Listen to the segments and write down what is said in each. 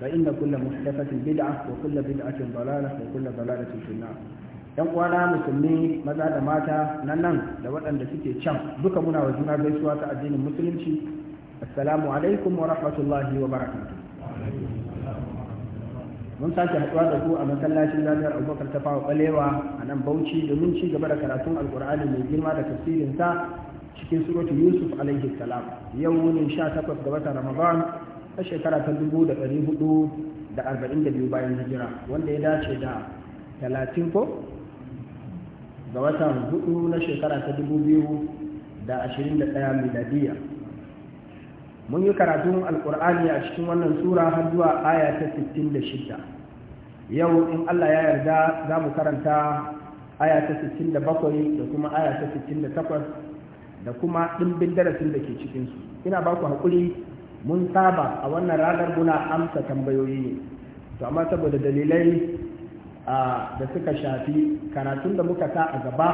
فإن كل محدثة بدعة وكل بدعة ضلالة وكل ضلالة في النار yan uwana musulmi maza da mata nan nan da waɗanda suke can duka muna wa juna gaisuwa ta addinin musulunci assalamu alaikum wa rahmatullahi wa barakatuh mun sake haɗuwa da ku a masallacin jami'ar abubakar ta fawa ɓalewa a nan bauchi domin ci gaba da karatun alkur'ani mai girma da tafsirinsa cikin suratu yusuf alaihi salam yau sha takwas ga watan ramadan a shekara ta dubu da ɗari hudu da arba'in da biyu bayan hijira wanda ya dace da talatin ko ga watan hudu na shekara ta dubu biyu da ashirin da ɗaya miladiya mun yi karatun alkur'ani a cikin wannan tsura har zuwa aya ta sittin da shida yau in allah ya yarda za mu karanta aya ta sittin da bakwai da kuma aya ta sittin da takwas da kuma ɗimbin darasin da ke cikinsu ina ba ku haƙuri mun saba a wannan ranar muna amsa tambayoyi ne to amma saboda dalilai da suka shafi karatun da muka sa a gaba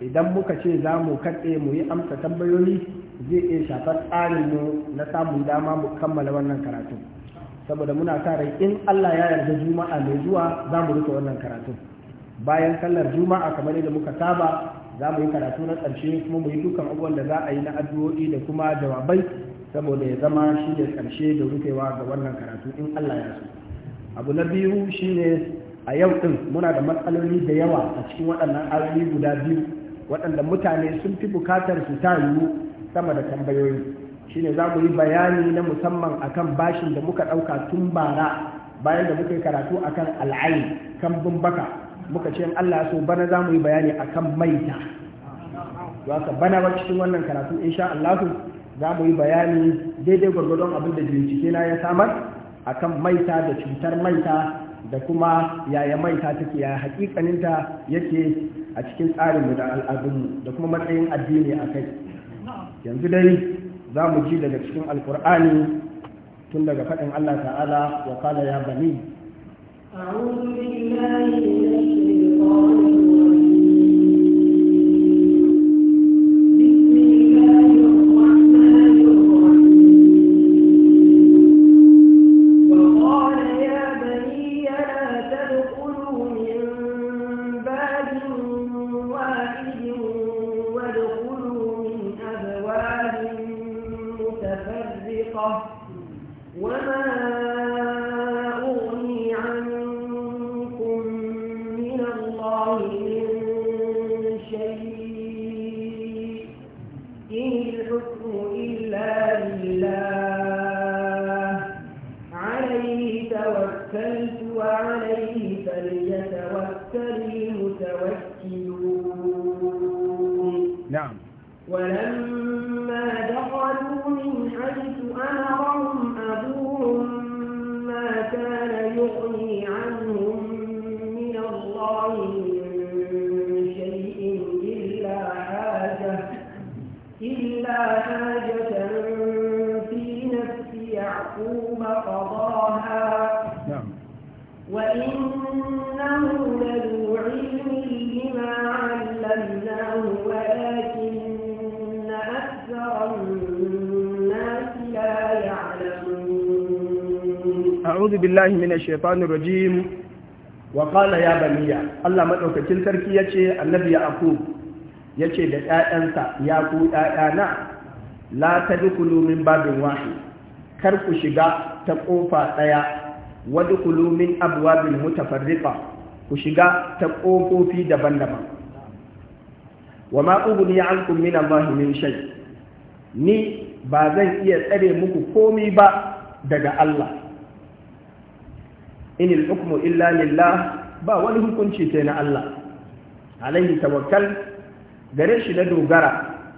idan muka ce za mu katse mu yi amsa tambayoyi zai iya shafar tsarin mu na samun dama mu kammala wannan karatu saboda muna sa rai in Allah ya yarda juma'a mai zuwa za mu rufe wannan karatu bayan sallar juma'a kamar yadda muka saba za mu yi karatu na ƙarshe kuma mu yi dukkan abubuwan da za a yi na addu'o'i da kuma jawabai saboda ya zama shi ne karshe da rufewa ga wannan karatu in Allah ya so abu na biyu shine a yau din muna da matsaloli da yawa a cikin waɗannan ayoyi guda biyu waɗanda mutane sun fi bukatar su ta yiwu sama da tambayoyi shine za mu yi bayani na musamman akan bashin da muka ɗauka tun bara bayan da muka yi karatu akan al'ayi kan bumbaka muka ce Allah ya so bana za mu yi bayani akan maita to ka bana cikin wannan karatu insha Allah za mu yi bayani daidai gwargwadon abin da bincike na ya samar a kan maita da cutar maita da kuma yaya maita take ya hakikaninta yake a cikin tsarin da al'adunmu da kuma matsayin addini a kai yanzu dai za mu ji daga cikin alkur'ani tun daga faɗin allah ta'ala wa kala ya bani أعوذ بالله من الشيطان minash shaitanir rajim wa qala ya baniya Allah maɗaukacin sarki yace annabi yaqub yace da 'ya'yansa ya ku ƴaƴana la tadkhulu kulumin babin wahid kar ku shiga ta kofa daya wadkhulu min abwabil mutafarriqa ku shiga ta ƙofofi daban-daban wa ma ubni ankum min Allah min shay ni ba zan iya tsare muku komi ba daga Allah inil hukmu illa lillah ba wani hukunci sai na Allah alaihi tawakkal gare shi na dogara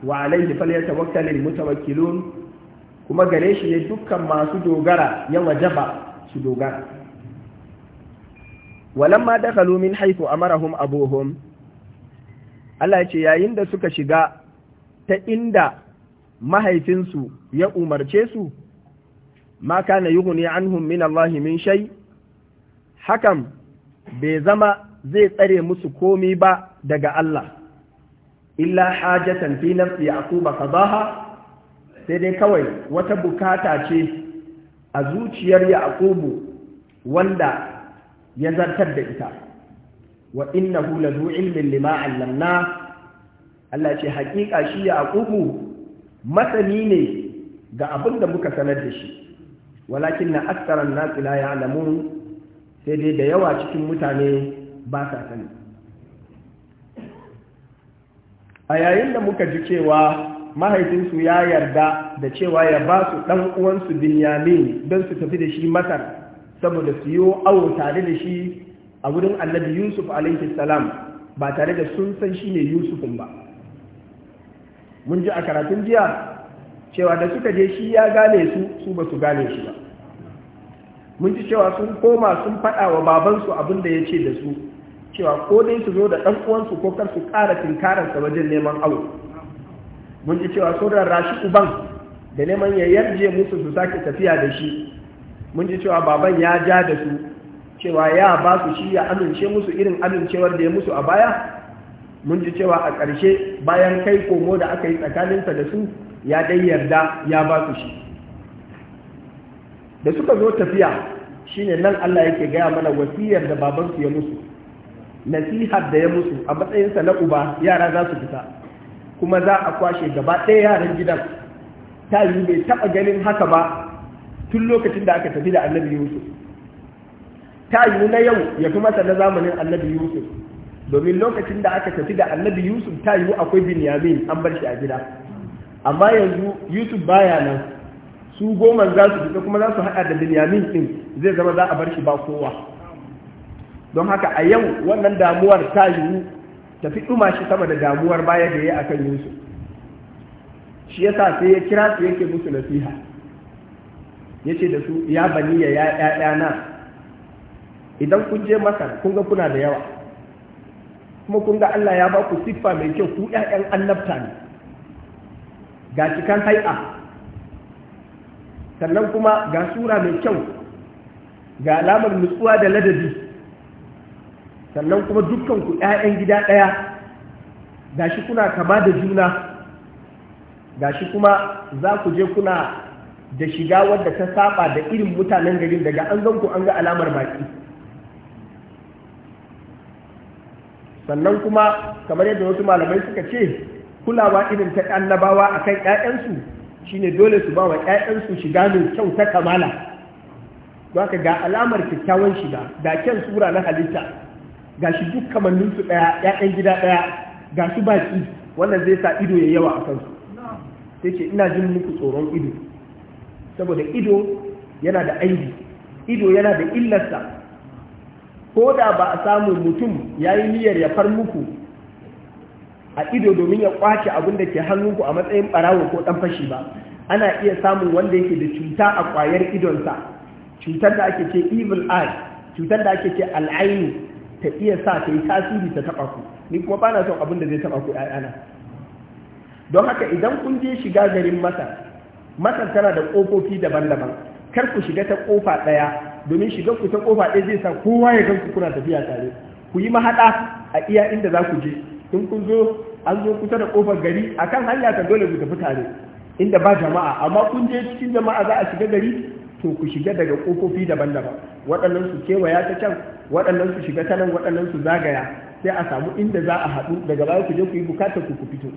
wa alaihi mu mutawakkilun kuma gare shi ne dukkan masu dogara ya wajaba su dogara walamma dakhalu min haythu amarahum abuhum Allah ce yayin da suka shiga ta inda mahaifinsu ya umarce su ma kana yughni anhum min Allah min shay' hakan bai zama zai tsare musu komi ba daga Allah illa hajatan fi nafsi yaquba qadaha sai dai kawai wata bukata ce a zuciyar yaqubu wanda ya zartar da ita wa innahu lazu ilmin lima allamna Allah ce hakika shi yaqubu masani ne ga abinda muka sanar da shi walakin na aksaran nasi la ya'lamun sai dai da yawa cikin mutane ba sa sani a yayin da muka ji cewa mahaifinsu ya yarda da cewa ya ba su ɗan uwansu binyamin don su tafi da shi masar saboda su yi awo tare da shi a wurin annabi yusuf alaihi ba tare da sun san shi ne yusufin ba mun ji a karatun jiya cewa da suka je shi ya gane su su ba su gane shi ba mun ji cewa sun koma sun faɗa wa babansu abin da ya ce da su cewa ko dai su zo da ɗan uwansu ko kar su ƙara sa wajen neman awo? mun ji cewa sun rarrashi uban da neman ya yarje musu su sake tafiya da shi mun ji cewa baban ya ja da su cewa ya ba su shi ya amince musu irin amincewar da ya musu a baya mun ji cewa a ƙarshe bayan kai komo da aka yi tsakaninsa da su ya dai yarda ya ba su shi da suka zo tafiya shine nan Allah yake gaya mana wasiyar da babansu ya musu nasihar da ya musu a matsayinsa na uba yara za su fita kuma za a kwashe gaba ɗaya yaran gidan ta yi bai taɓa ganin haka ba tun lokacin da aka tafi da annabi yusuf ta yi na yau ya fi masa na zamanin annabi yusuf domin lokacin da aka tafi da annabi yusuf ta yi akwai binyamin an bar shi a gida amma yanzu yusuf baya nan su goma za su fita kuma za su haɗa da binyamin ɗin zai zama za a bar shi ba kowa don haka a yau wannan damuwar ta yiwu tafi ɗuma shi sama da damuwar baya da ya yi a kan yinsu. shi sa sai ya kira su yake musu nasiha ya ce da su ya baniya ya ya'ya na. idan kun je masar kun ga kuna da yawa kuma kun ga Allah ya ba ku siffa mai kyau ku ‘ya'yan annabta ne ga cikan hai'a sannan kuma ga sura mai kyau ga alamar nutsuwa da ladabi sannan kuma dukkan ku 'ya'yan gida ɗaya ga shi kuna kama da juna ga shi kuma za ku je kuna da shiga wadda ta saba da irin mutanen garin daga an zan ku an ga alamar baki sannan kuma kamar yadda wasu malamai suka ce kulawa irin ta a kan 'ya'yansu shine dole su ba wa ƴaƴansu shiga mai kyau ta kamala don ka ga alamar kyakkyawan shiga da kyan sura na halitta ga shi duk kamannin su ɗaya ƴaƴan gida ɗaya ga su baki wannan zai sa ido ya yawa a kansu sai ce ina jin muku tsoron ido saboda ido yana da aibi ido yana da illarsa ko da ba a samu mutum ya yi niyyar ya far muku a ido domin ya kwace abin da ke hannunku a matsayin barawo ko dan fashi ba ana iya samun wanda yake da cuta a kwayar idonsa cutar da ake ce evil eye cutar da ake ce al'aini ta iya sa ta yi tasiri ta taba ku ni kuma ba na son abin da zai taba ku na. don haka idan kun je shiga garin masar masar tana da kofofi daban-daban kar ku shiga ta ƙofa ɗaya domin shiga ku ta ƙofa ɗaya zai sa kowa ya ganku kuna tafiya tare ku yi mahaɗa a iya inda za ku je in kun zo an zo kusa da kofar gari a kan hanya ta dole ku tafi tare inda ba jama'a amma kun je cikin jama'a za a shiga gari to ku shiga daga kofofi daban-daban waɗannan su kewaya ta can waɗannan su shiga ta nan waɗannan su zagaya sai a samu inda za a haɗu daga baya ku je ku yi buƙata ku ku fito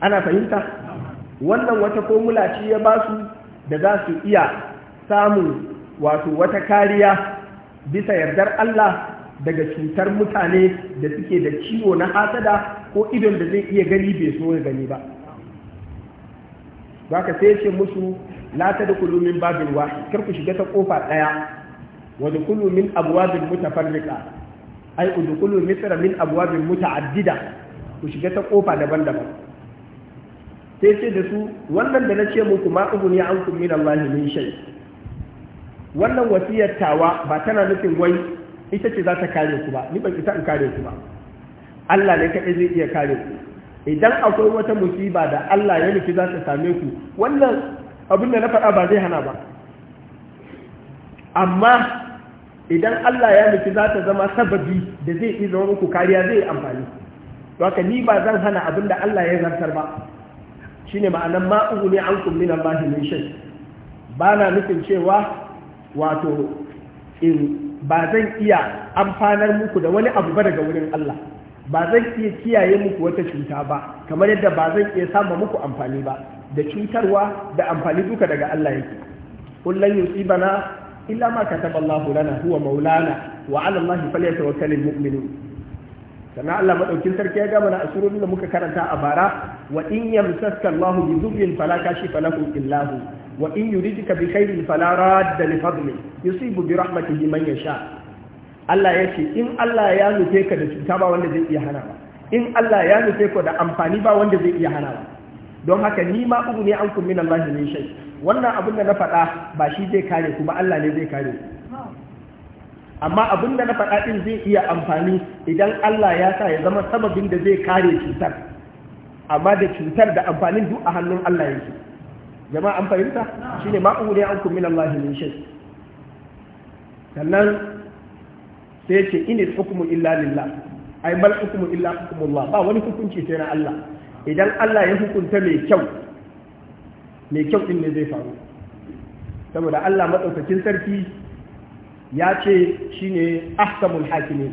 ana fahimta wannan wata komula ce ya ba su da za su iya samun wato wata kariya bisa yardar Allah daga cutar mutane da suke da ciwo na hasada ko idon da zai iya gani bai so ya gani ba ba ka sai ce musu la ta da kulumin babin wa kar ku shiga ta kofa ɗaya wa da kullu min abwabin mutafarriqa ai kulumin tsara min abwabin muta'addida ku shiga ta kofa daban-daban sai ce da su wannan da na ce muku ma ubuni an kun min Allah min shay wannan wasiyar tawa ba tana nufin wai ita ce za ta kare ku ba ni ban isa in kare ku ba Allah ne kaɗai zai iya kare ku idan akwai wata musiba da Allah ya nufi za ta same ku wannan abin da na faɗa ba zai hana ba amma idan Allah ya nufi za ta zama sababi da zai iya zama muku kariya zai yi amfani to haka ni ba zan hana abin da Allah ya zartar ba shine ma'anan ma ne an kummin Allah min shi ba na nufin cewa wato in ba zan iya amfanar muku da wani abu ba daga wurin Allah ba zan iya kiyaye muku wata cuta ba kamar yadda ba zan iya sama muku amfani ba da cutarwa da amfani duka daga Allah yake kullun yusibana illa ma kataba Allahu lana huwa maulana wa ala Allahi falyatawakkalul mu'minun sannan Allah madaukin sarki ya gama na asirin da muka karanta a bara wa in yamsaka Allahu bi dhurrin fala kashifa lahu illa hu wa in yuridika bi khairin fala radda li fadli yusibu bi rahmatihi man yasha Allah yace in Allah ya nufe ka da cuta ba wanda zai iya hana ba in Allah ya nufe ka da amfani ba wanda zai iya hana ba don haka ni ma ubu ne an kun min Allah ne shai wannan abin da na faɗa ba shi zai kare ku ba Allah ne zai kare ku amma abin da na faɗa ɗin zai iya amfani idan Allah ya sa ya zama sababin da zai kare cutar amma da cutar da amfanin duk a hannun Allah yake jama'a an fahimta shine ma ure an kun min Allah min shay sannan sai ce in hukmu illa lillah ai mal hukmu illa hukmullah ba wani hukunci sai na Allah idan Allah ya hukunta mai kyau mai kyau din ne zai faru saboda Allah madaukakin sarki ya ce shine ahkamul hakimi.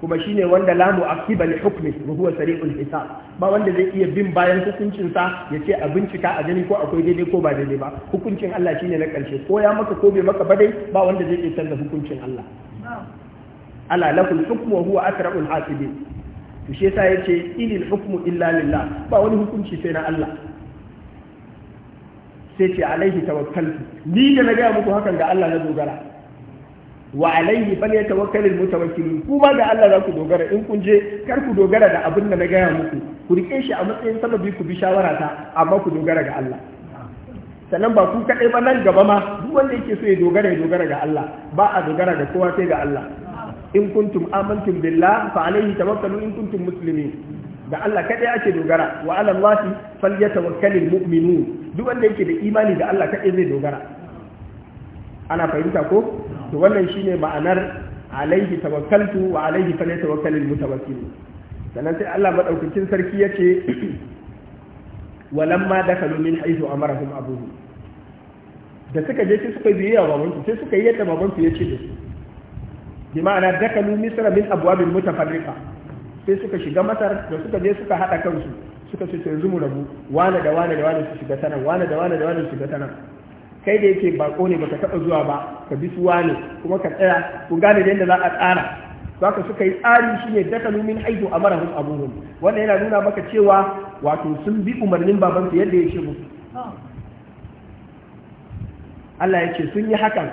kuma shine wanda lamu akiba hukmi wa huwa sari'ul hisab ba wanda zai iya bin bayan hukuncinsa ya ce a bincika a gani ko akwai daidai ko ba daidai ba hukuncin Allah shine na ƙarshe ko ya maka ko bai maka ba dai ba wanda zai iya canza hukuncin Allah ala lakul hukmu wa huwa asra'ul hasibin to shi yasa yace inil hukmu illa lillah ba wani hukunci sai na Allah sai ce alaihi tawakkaltu ni da na gaya muku hakan ga Allah na dogara wa alaihi yatawakkalul mutawakkilun kuma ga Allah za ku dogara in kun je kar ku dogara da abin da na gaya muku ku rike shi a matsayin sababi ku bi shawara ta amma ku dogara ga Allah sannan ba ku kaɗai ba nan gaba ma duk wanda yake so ya dogara ya dogara ga Allah ba a dogara ga kowa sai ga Allah in kuntum amantum billah fa alayhi tawakkalu in kuntum muslimin da Allah kaɗai ake dogara wa ala Allah falyatawakkalul mu'minun duk wanda yake da imani da Allah kaɗai zai dogara ana fahimta ko to wannan shine ma'anar alaihi tawakkaltu wa alayhi falyatawakkalul mutawakkilun sannan sai Allah madaukakin sarki ya ce walamma dakalu min haythu amarahum abuhu da suka je sai suka biye wa babansu sai suka yi yadda babansu ya ce da su bi ma'ana dakalu misra min abwabin mutafarriqa sai suka shiga masar da suka je suka hada kansu suka ce yanzu mu rabu wane da wane da wane su shiga tanan wane da wane da wane su shiga tanan kai da yake bako ne baka taba zuwa ba ka bi su wane kuma ka tsaya ku gane da yadda za a tsara haka suka yi tsari shi ne haihu a mara amarahum abubuwan wannan yana nuna maka cewa wato sun bi umarnin babansu yadda ya ce musu Allah ya ce sun yi hakan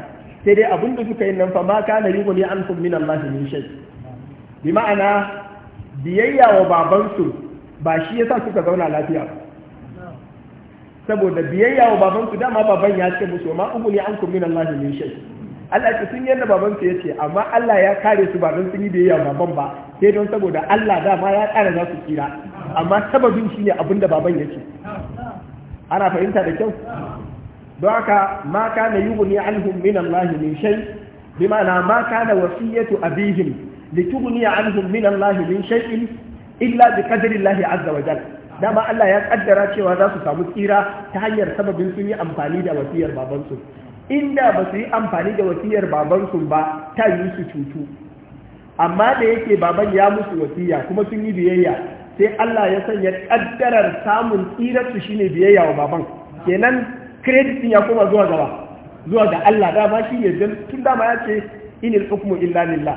sai dai abin da suka yi nan fa ma na riko ne an min Allah min shai bi ma'ana biyayya wa babansu ba shi yasa suka zauna lafiya saboda biyayya wa babansu dama baban ya ce musu ma ugu ne an min Allah min shai Allah ce sun yadda baban su yace amma Allah ya kare su ba don sun yi biyayya baban ba sai don saboda Allah dama ya kare za su kira amma sababin shine abin da baban yace ana fahimta da kyau don haka ma kana yughni anhum min Allah min shay bima'ana ma kana wasiyatu abihim litughni anhum min Allah min shay'in illa bi qadri Allah azza wa jalla dama Allah ya kaddara cewa za su samu tsira ta hanyar sababin sun yi amfani da wasiyar babansu inda ba su yi amfani da wasiyar babansu ba ta yi su cutu amma da yake baban ya musu wasiya kuma sun yi biyayya sai Allah ya sanya kaddarar samun tsirarsu shine biyayya wa baban kenan credit ya koma zuwa gaba zuwa ga Allah da ba shi ne tun dama ya ce inil hukmu illa lillah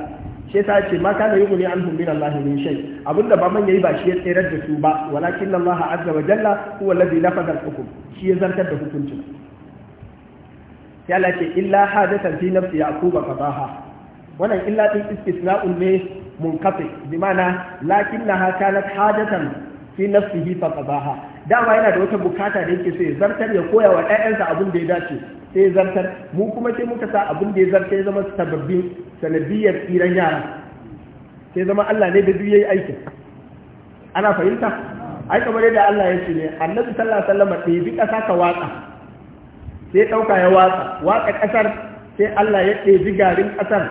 shi ta ce ma kana yughni anhum min Allah min shay abinda baban yayi ba shi ya tsirar da su ba walakin Allah azza wa jalla huwa alladhi nafaza al-hukm shi ya zartar da hukuncin ya lake illa hadatan fi nafsi yaquba fataha wannan illa din istisna'un ne munkafi bi ma'ana lakinnaha kanat hadatan fi nafsihi fataha dama yana da wata bukata da yake so ya zartar ya koya wa ɗayansa abin da ya dace sai ya zartar mu kuma sai muka sa abin da ya zartar ya zama sababbin sanadiyar tsiran yara sai zama Allah ne da duk yayi aiki, ana fahimta ai kamar yadda Allah ya ce ne annabi sallallahu alaihi wasallam bi ƙasa ka watsa sai ɗauka ya watsa watsa ƙasar sai Allah ya ɗebi garin ƙasar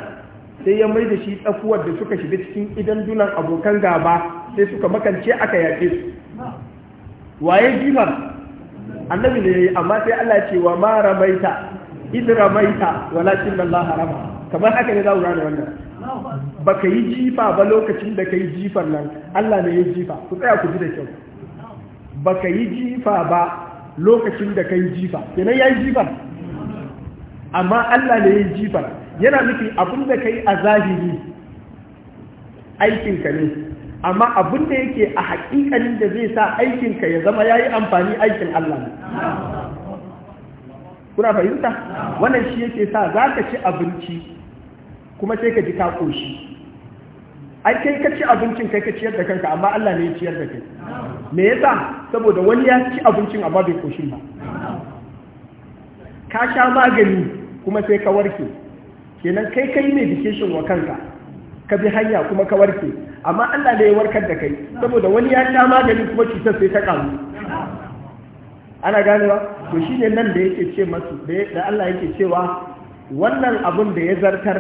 sai ya mai da shi tsakuwar da suka shiga cikin idan dunan abokan gaba sai suka makance aka yaƙe su waye jimar annabi ne yayi amma sai Allah ya ce wa ma ramaita id ramaita walakin Allah harama kamar haka ne za ku gane wannan baka yi jifa ba lokacin da kai jifar nan Allah ne ya jifa ku tsaya ku ji da kyau baka yi jifa ba lokacin da kai jifa kenan yayi jifa amma Allah ne yayi jifa yana nufi abin da kai a zahiri aikin ka ne amma abunda yake a haƙiƙanin da zai sa aikin ka ya zama yayi amfani aikin Allah ne kuna fahimta wannan shi yake sa zaka ci abinci kuma sai ka ji ka koshi ai kai ka ci abincin kai ka ciyar da kanka amma Allah ne ya ciyar da kai me yasa saboda wani ya ci abincin amma bai koshin ba ka sha magani kuma sai ka warke kenan kai kai medication wa kanka ka bi hanya kuma ka warke amma Allah ne ya warkar da kai saboda wani ya sha magani kuma cutar sai ta karu ana ganewa to shine nan da yake ce masu da Allah yake cewa wannan abun da ya zartar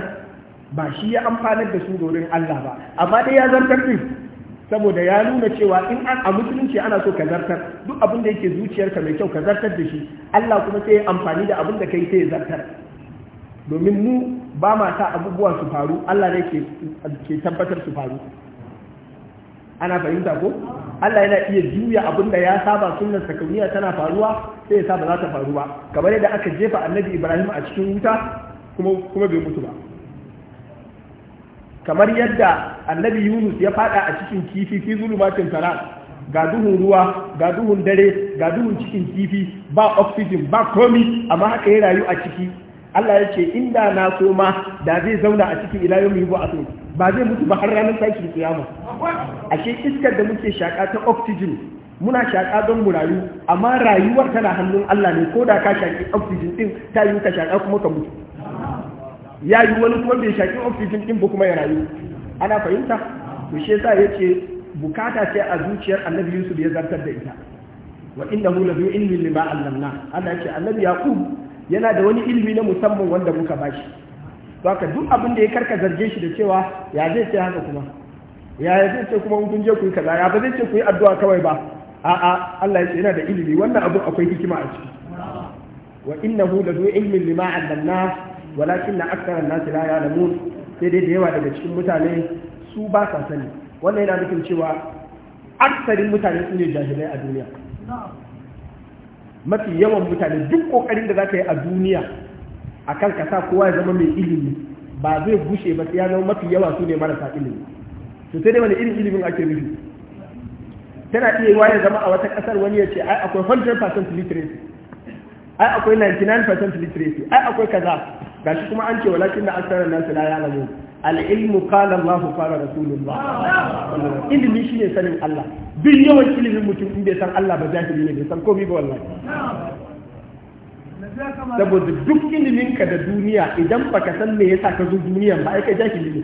ba shi ya amfanar da su dorin Allah ba amma dai ya zartar din saboda ya nuna cewa in a musulunci ana so ka zartar duk abin da yake zuciyarka mai kyau ka zartar da shi Allah kuma sai ya amfani da abin da kai sai ya zartar domin mu ba ma sa abubuwa su faru Allah ne ke tabbatar su faru ana fahimta ko Allah yana iya juya abin da ya saba sunnar sakauniya tana faruwa sai ya saba za ta faru ba kamar yadda aka jefa annabi Ibrahim a cikin wuta kuma kuma bai mutu ba kamar yadda annabi yunus ya fada a cikin kifi fi zulumatin tara ga duhun ruwa ga duhun dare ga duhun cikin kifi ba oxygen ba komi amma haka ya rayu a ciki Allah ya ce inda na so da zai zauna a cikin ila ba a so, ba zai mutu ba har ranar sakin kiyama ashe iskar da muke shaka ta oxygen muna shaƙa don mu rayu amma rayuwar tana hannun Allah ne ko da ka shaki oxygen din ta yi ka shaka kuma ka mutu ya yi wani kuma bai shaƙi ofishin ɗin ba kuma ya rayu ana fahimta to shi yasa yace bukata ce a zuciyar annabi yusuf ya zartar da ita wa innahu la ilmi lima allamna Allah ce annabi yaqub yana da wani ilmi na musamman wanda muka bashi ka duk abin da ya karka zarge shi da cewa ya zai ce haka kuma ya zai ce kuma kun je ku yi kaza ya ba zai ce ku yi addu'a kawai ba a'a Allah ya ce yana da ilimi wannan abu akwai hikima a ciki wa innahu la ilmin lima allamna walakin na aksarar nasu la mun sai dai da yawa daga cikin mutane su ba sa sani wannan yana nufin cewa aksarin mutane su ne jahilai a duniya mafi yawan mutane duk kokarin da za ka yi a duniya a kan kasa kowa ya zama mai ilimi ba zai gushe ba ya zama mafi yawa su ne marasa ilimi su sai dai wani irin ilimin ake nufi tana iya yiwa ya zama a wata kasar wani ya ce ai akwai 100% literacy ai akwai 99% literacy ai akwai kaza Ga shi kuma an ce walakin da aksara nasu la ya al al'ilmu kala Allah qala Rasulullah ilimi shine sanin Allah bin yawan ilimin mutum inda bai san Allah ba jahili ne bai san komai ba wallahi saboda duk ilimin ka da duniya idan ba ka san me yasa ka zo duniya ba ai ka jahili ne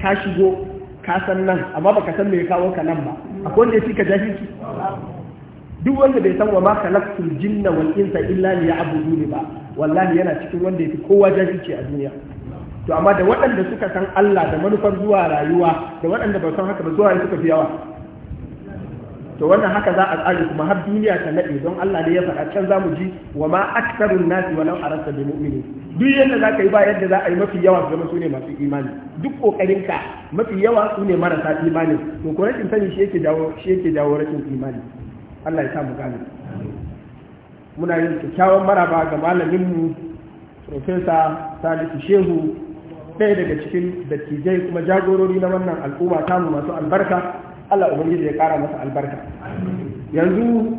ka shigo ka san nan amma ba ka san me ya kawo ka nan ba akwai wanda ya fi ka shi duk wanda bai san wa ma khalaqtul jinna wal insa illa liya'buduni ba wallahi yana cikin wanda yafi kowa ce a duniya to amma da waɗanda suka san Allah da manufar zuwa rayuwa da waɗanda ba san haka ba zuwa suka fi yawa to wannan haka za a tsare kuma har duniya ta nade don Allah ne ya faɗa can za mu ji wa ma aktarun nasi wa lam arasta bi mu'mini duk yanda za ka yi ba yadda za a yi mafi yawa zama su ne masu imani duk kokarin ka mafi yawa su ne marasa imani to ko rashin sani shi yake dawo shi yake dawo rashin imani Allah ya samu gane muna yin kyakkyawan maraba ga malaminmu profesa salisu shehu ɗaya daga cikin dattijai kuma jagorori na wannan al'umma tamu masu albarka Allah ubangiji ya kara masa albarka yanzu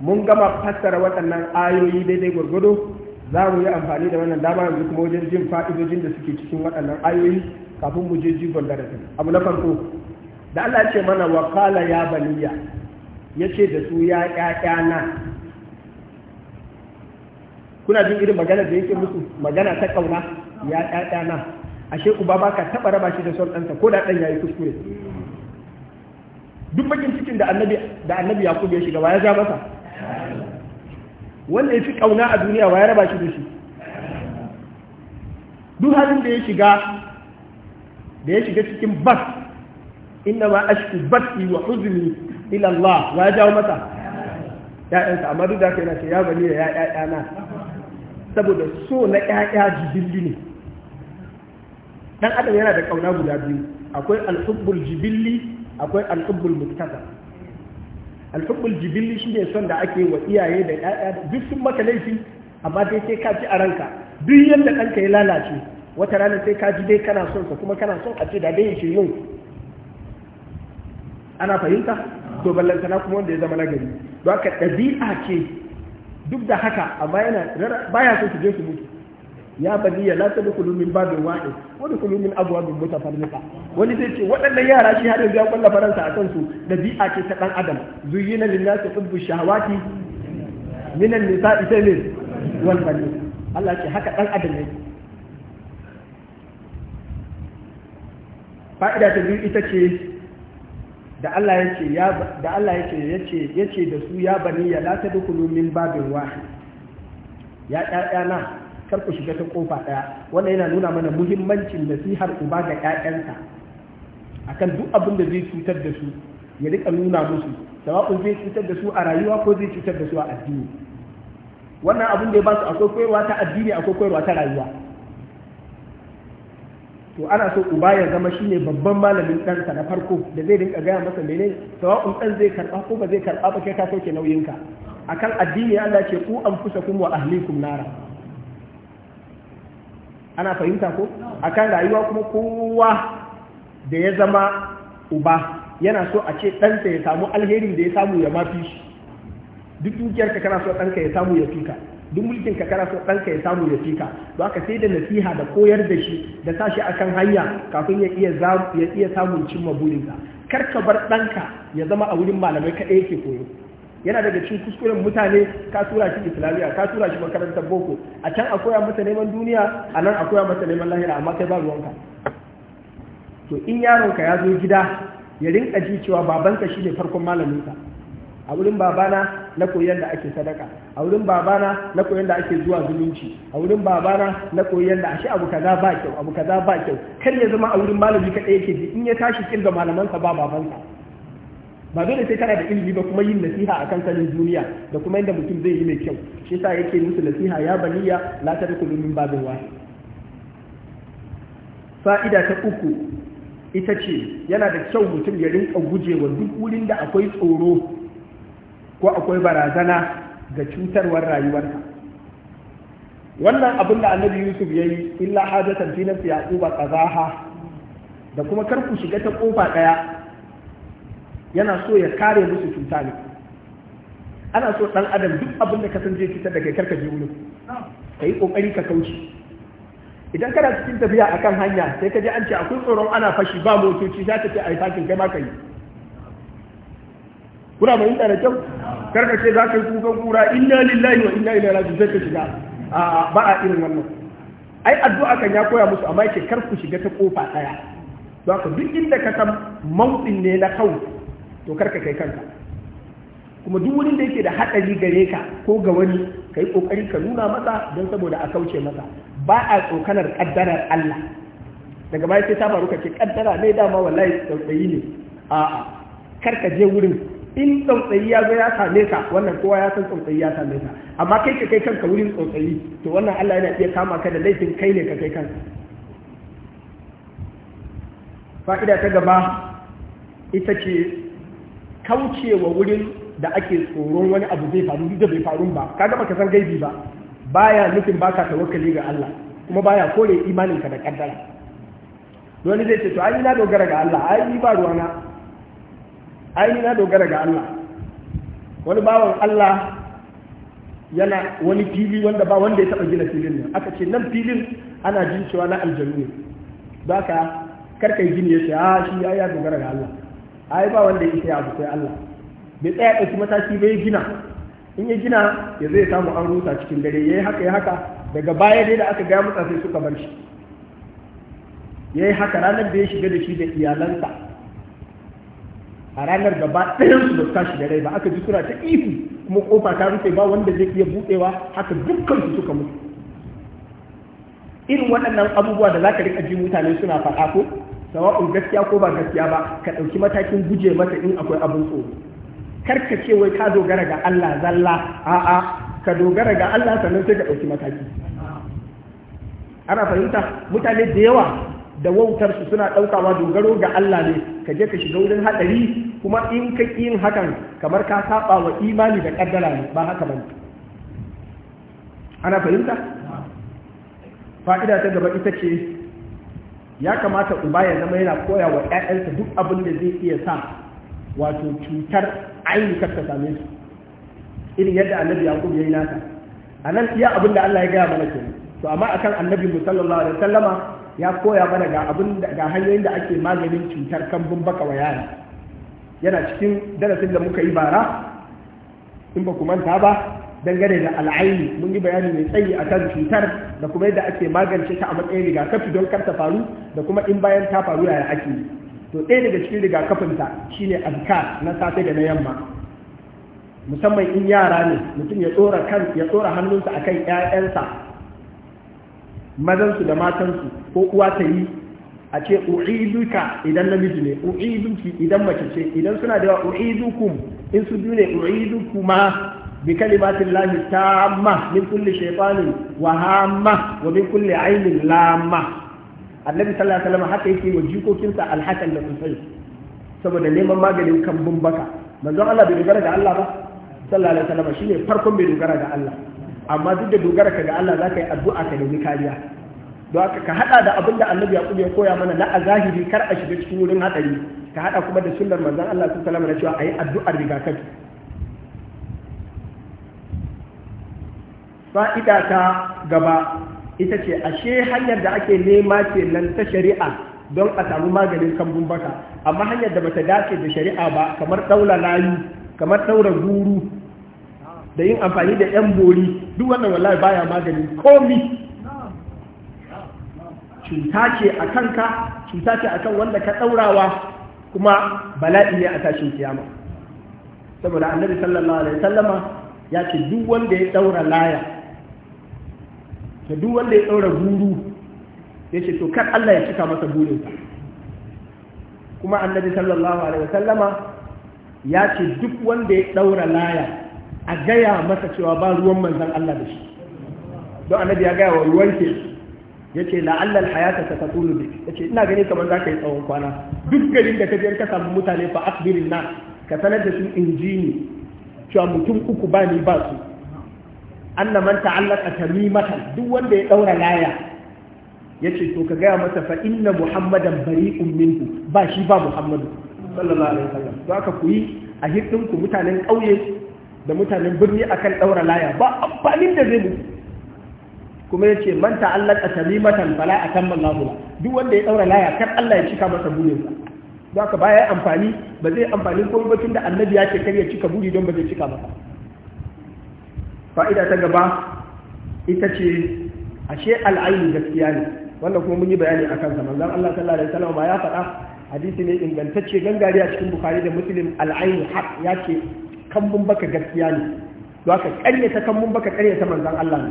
mun gama fassara waɗannan ayoyi daidai gwargwado za mu yi amfani da wannan dama yanzu kuma wajen jin fa'idojin da suke cikin waɗannan ayoyi kafin mu je jigon darasin abu na farko da Allah ce mana wa ya baniya ya ce da su ya na kuna jin irin magana da yake musu magana ta ƙauna ya na ashe sheku ba ka taɓa raba shi da son ɗansa ko da ɗan ya yi kuskure duk bakin cikin da annabi ya annabi ya shiga wa ya zama sa? wanda ya fi ƙauna a duniya wa ya raba shi da shi duk halin da ya shiga da ya shiga cikin bas inna ma ashku basi wa huzni ilallah wa ya jawo masa amma duk da haka yana ce ya da ya na saboda so na yaya jibilli ne dan adam yana da ƙauna guda biyu akwai alfubbul jibilli akwai alhubbul muktasa alhubbul jibilli ne son da ake wa iyaye da ƴaƴa duk sun maka laifi amma dai sai ka ci a ranka duk yadda ɗanka ya lalace wata rana sai ka ji dai kana son ka, kuma kana son a ce da dai yake yin ana fahimta to ballantana kuma wanda ya zama nagari don ka ɗabi'a ce duk da haka amma yana baya so su je su mutu ya baniya la da kulumin babin da kulumin abuwa min mota farnuka, wani zai ce waɗannan yara shi har yanzu ya kwalla faransa kan su dabi'a ce ta ɗan adam na lin su hubbu shahawati Minan nisa nisa'i ne wal banin Allah ce haka ɗan adam ne fa'ida ta biyu ita ce da Allah yake ya da Allah yake da su ya bani ya la dukulu min babin wahid ya na kar ku shiga ta kofa ɗaya, wanda yana nuna mana muhimmancin nasihar uba ga ƴaƴansa akan duk abin da zai cutar da su ya rika nuna musu sawa'un zai cutar da su a rayuwa ko zai cutar da su a addini wannan abin da ya ba su akwai koyarwa ta addini akwai koyarwa ta rayuwa to ana so uba ya zama shi ne babban malamin ɗansa na farko da zai rinka gaya masa mene sawa'un ɗan zai karɓa ko ba zai karɓa ba kai ka sauke nauyinka akan addini Allah ce ku anfusakum wa ahlikum nara ana fahimta ko akan rayuwa kuma kowa da ya zama uba yana so a ce ɗansa ya samu alheri da ya samu ya mafi shi duk dukiyarka kana so ɗanka ya samu ya fika duk mulkin ka kana so ɗanka ya samu ya fika don haka sai da nasiha da koyar da shi da sa sashi akan hanya kafin ya iya ya iya samun cimma burinsa kar ka bar ɗanka ya zama a wurin malamai kaɗai yake koyo yana daga cikin kuskuren mutane ka tura shi islamiya ka tura shi makarantar boko a can a koya masa neman duniya a nan a koya masa neman lahira amma kai ba ruwanka to in yaronka ya zo gida ya rinka ji cewa babansa shi ne farkon malaminsa a wurin babana na koyi da ake sadaka a wurin babana na koyi yadda ake zuwa zumunci a wurin babana na koyi yadda ashe abu kaza ba kyau abu kaza ba kyau kar ya zama a wurin malami kaɗai yake ji in ya tashi kirga malamansa ba babansa ba dole sai kana da ilimi ba kuma yin nasiha akan sanin duniya da kuma yadda mutum zai yi mai kyau shi yasa yake musu nasiha ya baniya la tadkhulu min babin wahid fa'ida ta uku ita ce yana da kyau mutum ya rinka gujewa duk wurin da akwai tsoro ko akwai barazana ga cutarwar rayuwarka wannan abin da annabi yusuf ya yi illa hajatan fi nafsi yaquba qazaha da kuma kar ku shiga ta kofa daya yana so ya kare musu cuta ne ana so dan adam duk abin da kasance cutar da kai karka je wurin kai kokari ka kauce idan kana cikin tafiya akan hanya sai ka je an ce akwai tsoron ana fashi ba motoci za ta ce a yi takin kai ma ka yi kuna fahimta da kyau karka ce za ka yi kukan kura inna lillahi wa inna ilaihi raji'un zai ka shiga ba a irin wannan ai addu'a kan ya koya musu amma yake kar ku shiga ta kofa daya don ka duk inda ka san mautsin ne na kawu to karka kai kanka kuma duk wurin da yake da haɗari gare ka ko ga wani ka yi ƙoƙari ka nuna masa don saboda a kauce masa ba a tsokanar ƙaddarar Allah daga baya sai ta faru ka ce kaddara ne dama wallahi tsautsayi ne a'a kar ka je wurin in tsautsayi ya zo ya same ka wannan kowa ya san tsautsayi ya same ka amma kai ka kai kanka wurin tsautsayi to wannan Allah yana iya kama ka da laifin kai ne ka kai kanka fa'ida ta gaba ita ce kaucewa wurin da ake tsoron wani abu zai faru duk da bai faru ba Ka gama ka san gaibi ba baya nufin baka tawakkali ga Allah kuma baya kore imaninka da kaddara wani zai ce to ai na dogara ga Allah ai ni ba ruwana ai na dogara ga Allah wani bawan Allah yana wani fili wanda ba wanda ya taba gina filin nan aka ce nan filin ana jin cewa na aljanu ne ba ka karkai gini ya ce a ah, shi ya ya dogara ga Allah ai ba wanda ya tsaya ya sai Allah bai tsaya ɗauki mataki bai gina in ya gina ya zai samu an rusa cikin dare ya yi haka ya haka daga baya dai da aka gaya mutsa sai suka bar shi ya yi haka ranar da ya shiga da shi da iyalansa a ranar gaba ɗayan su da tashi da rai ba aka ji suna ta ihu kuma kofa ta rufe ba wanda zai iya buɗewa haka dukkan su suka mutu irin waɗannan abubuwa da zaka rika ji mutane suna faɗa ko sawa'un gaskiya ko ba gaskiya ba ka ɗauki matakin guje masa in akwai abin tsoro kar ka ce wai ka dogara ga Allah zalla a'a ka dogara ga Allah sannan sai ka ɗauki mataki ana fahimta mutane da yawa da wautar su suna ɗaukawa dogaro ga Allah ne ka je ka shiga wurin haɗari kuma in ka yin hakan kamar ka saba wa imani da ƙaddara ne ba haka ba ana fahimta fa'ida ta gaba ita ce ya kamata uba ya zama yana koya wa ‘ya'yansa duk abin da zai iya sa wato cutar ainihin ta same su irin yadda annabi yaqub yayi nasa anan iya abin da Allah ya gaya mana kenan to amma akan annabi sallallahu alaihi wasallama ya koya mana ga abin ga hanyoyin da ake maganin cutar kambun baka wa yara yana cikin darasin da muka yi bara in ba ku manta ba dangane da al'aini mun yi bayani mai tsayi a kan cutar da kuma yadda ake magance ta a matsayin rigakafi don kar ta faru da kuma in bayan ta faru yaya ake yi to ɗaya daga cikin rigakafinta shine azka na safe da na yamma musamman in yara ne mutum ya tsora kan ya tsora hannunsa akan ƴaƴansa mazansu da matansu ko uwa ta yi a ce u'iduka idan namiji ne u'iduki idan mace ce idan suna da yawa u'idukum in su biyu ne u'idukuma bi kalimatin lahi tamma min kulli shaytanin wa hamma wa min kulli ainin lamma annabi sallallahu alaihi wasallam haka yake wa jikokinsa alhakan da sosai saboda neman maganin kan bumbaka manzon Allah bai dogara ga Allah ba sallallahu alaihi wasallam shine farkon bai dogara ga Allah amma duk da dogara ka ga Allah za ka yi addu'a ka nemi kariya don haka ka haɗa da abin da Annabi Yaqub ya koya mana na zahiri, kar a shiga cikin wurin hadari ka haɗa kuma da sunnar manzon Allah sallallahu alaihi wasallam na cewa ayi addu'ar rigakafi fa'ida ta gaba ita ce ashe hanyar da ake nema ce nan ta shari'a don a samu maganin kambun baka amma hanyar da bata dace da shari'a ba kamar daula layu kamar daura guru da yin amfani da yan bori duk wannan wallahi baya maganin komi cuta ce a kanka cuta ce a kan wanda ka ɗaurawa kuma bala'i ne a tashin kiyama saboda annabi sallallahu alaihi sallama ya ce duk wanda ya ɗaura laya da duk wanda ya ɗaura guru ya ce to kar Allah ya cika masa burinsa kuma annabi sallallahu alaihi sallama ya ce duk wanda ya ɗaura laya a gaya masa cewa ba ruwan manzan Allah da shi don annabi ya gaya wa ruwan ke ya ce la'allal hayata ta tatulu bi ya ce ina gani kamar za ka yi tsawon kwana duk garin da ka je ka samu mutane fa akbirin na ka sanar da su ni cewa mutum uku ba ni ba su anna man ta'allaka tamimatan duk wanda ya daura laya yace to ka gaya masa fa inna muhammadan bari'un minhu ba shi ba muhammadu sallallahu alaihi wasallam to aka kuyi a hiddin ku mutanen kauye da mutanen birni akan ɗaura laya ba amfanin da zai mutu kuma ya ce man ta'allaka a kan atamma Allahu duk wanda ya ɗaura laya kan Allah ya cika masa burinsa ba ka baya amfani ba zai amfani ko ba da annabi ya ce kar ya cika buri don ba zai cika masa fa'ida ta gaba ita ce ashe al'ayin gaskiya ne wannan kuma mun yi bayani a kansa manzan Allah sallallahu alaihi wasallam ya faɗa hadisi ne ingantacce gangare a cikin bukari da muslim al'ayin haq ya ce kambun baka gaskiya ne don haka karyata kambun baka karyata manzan Allah ne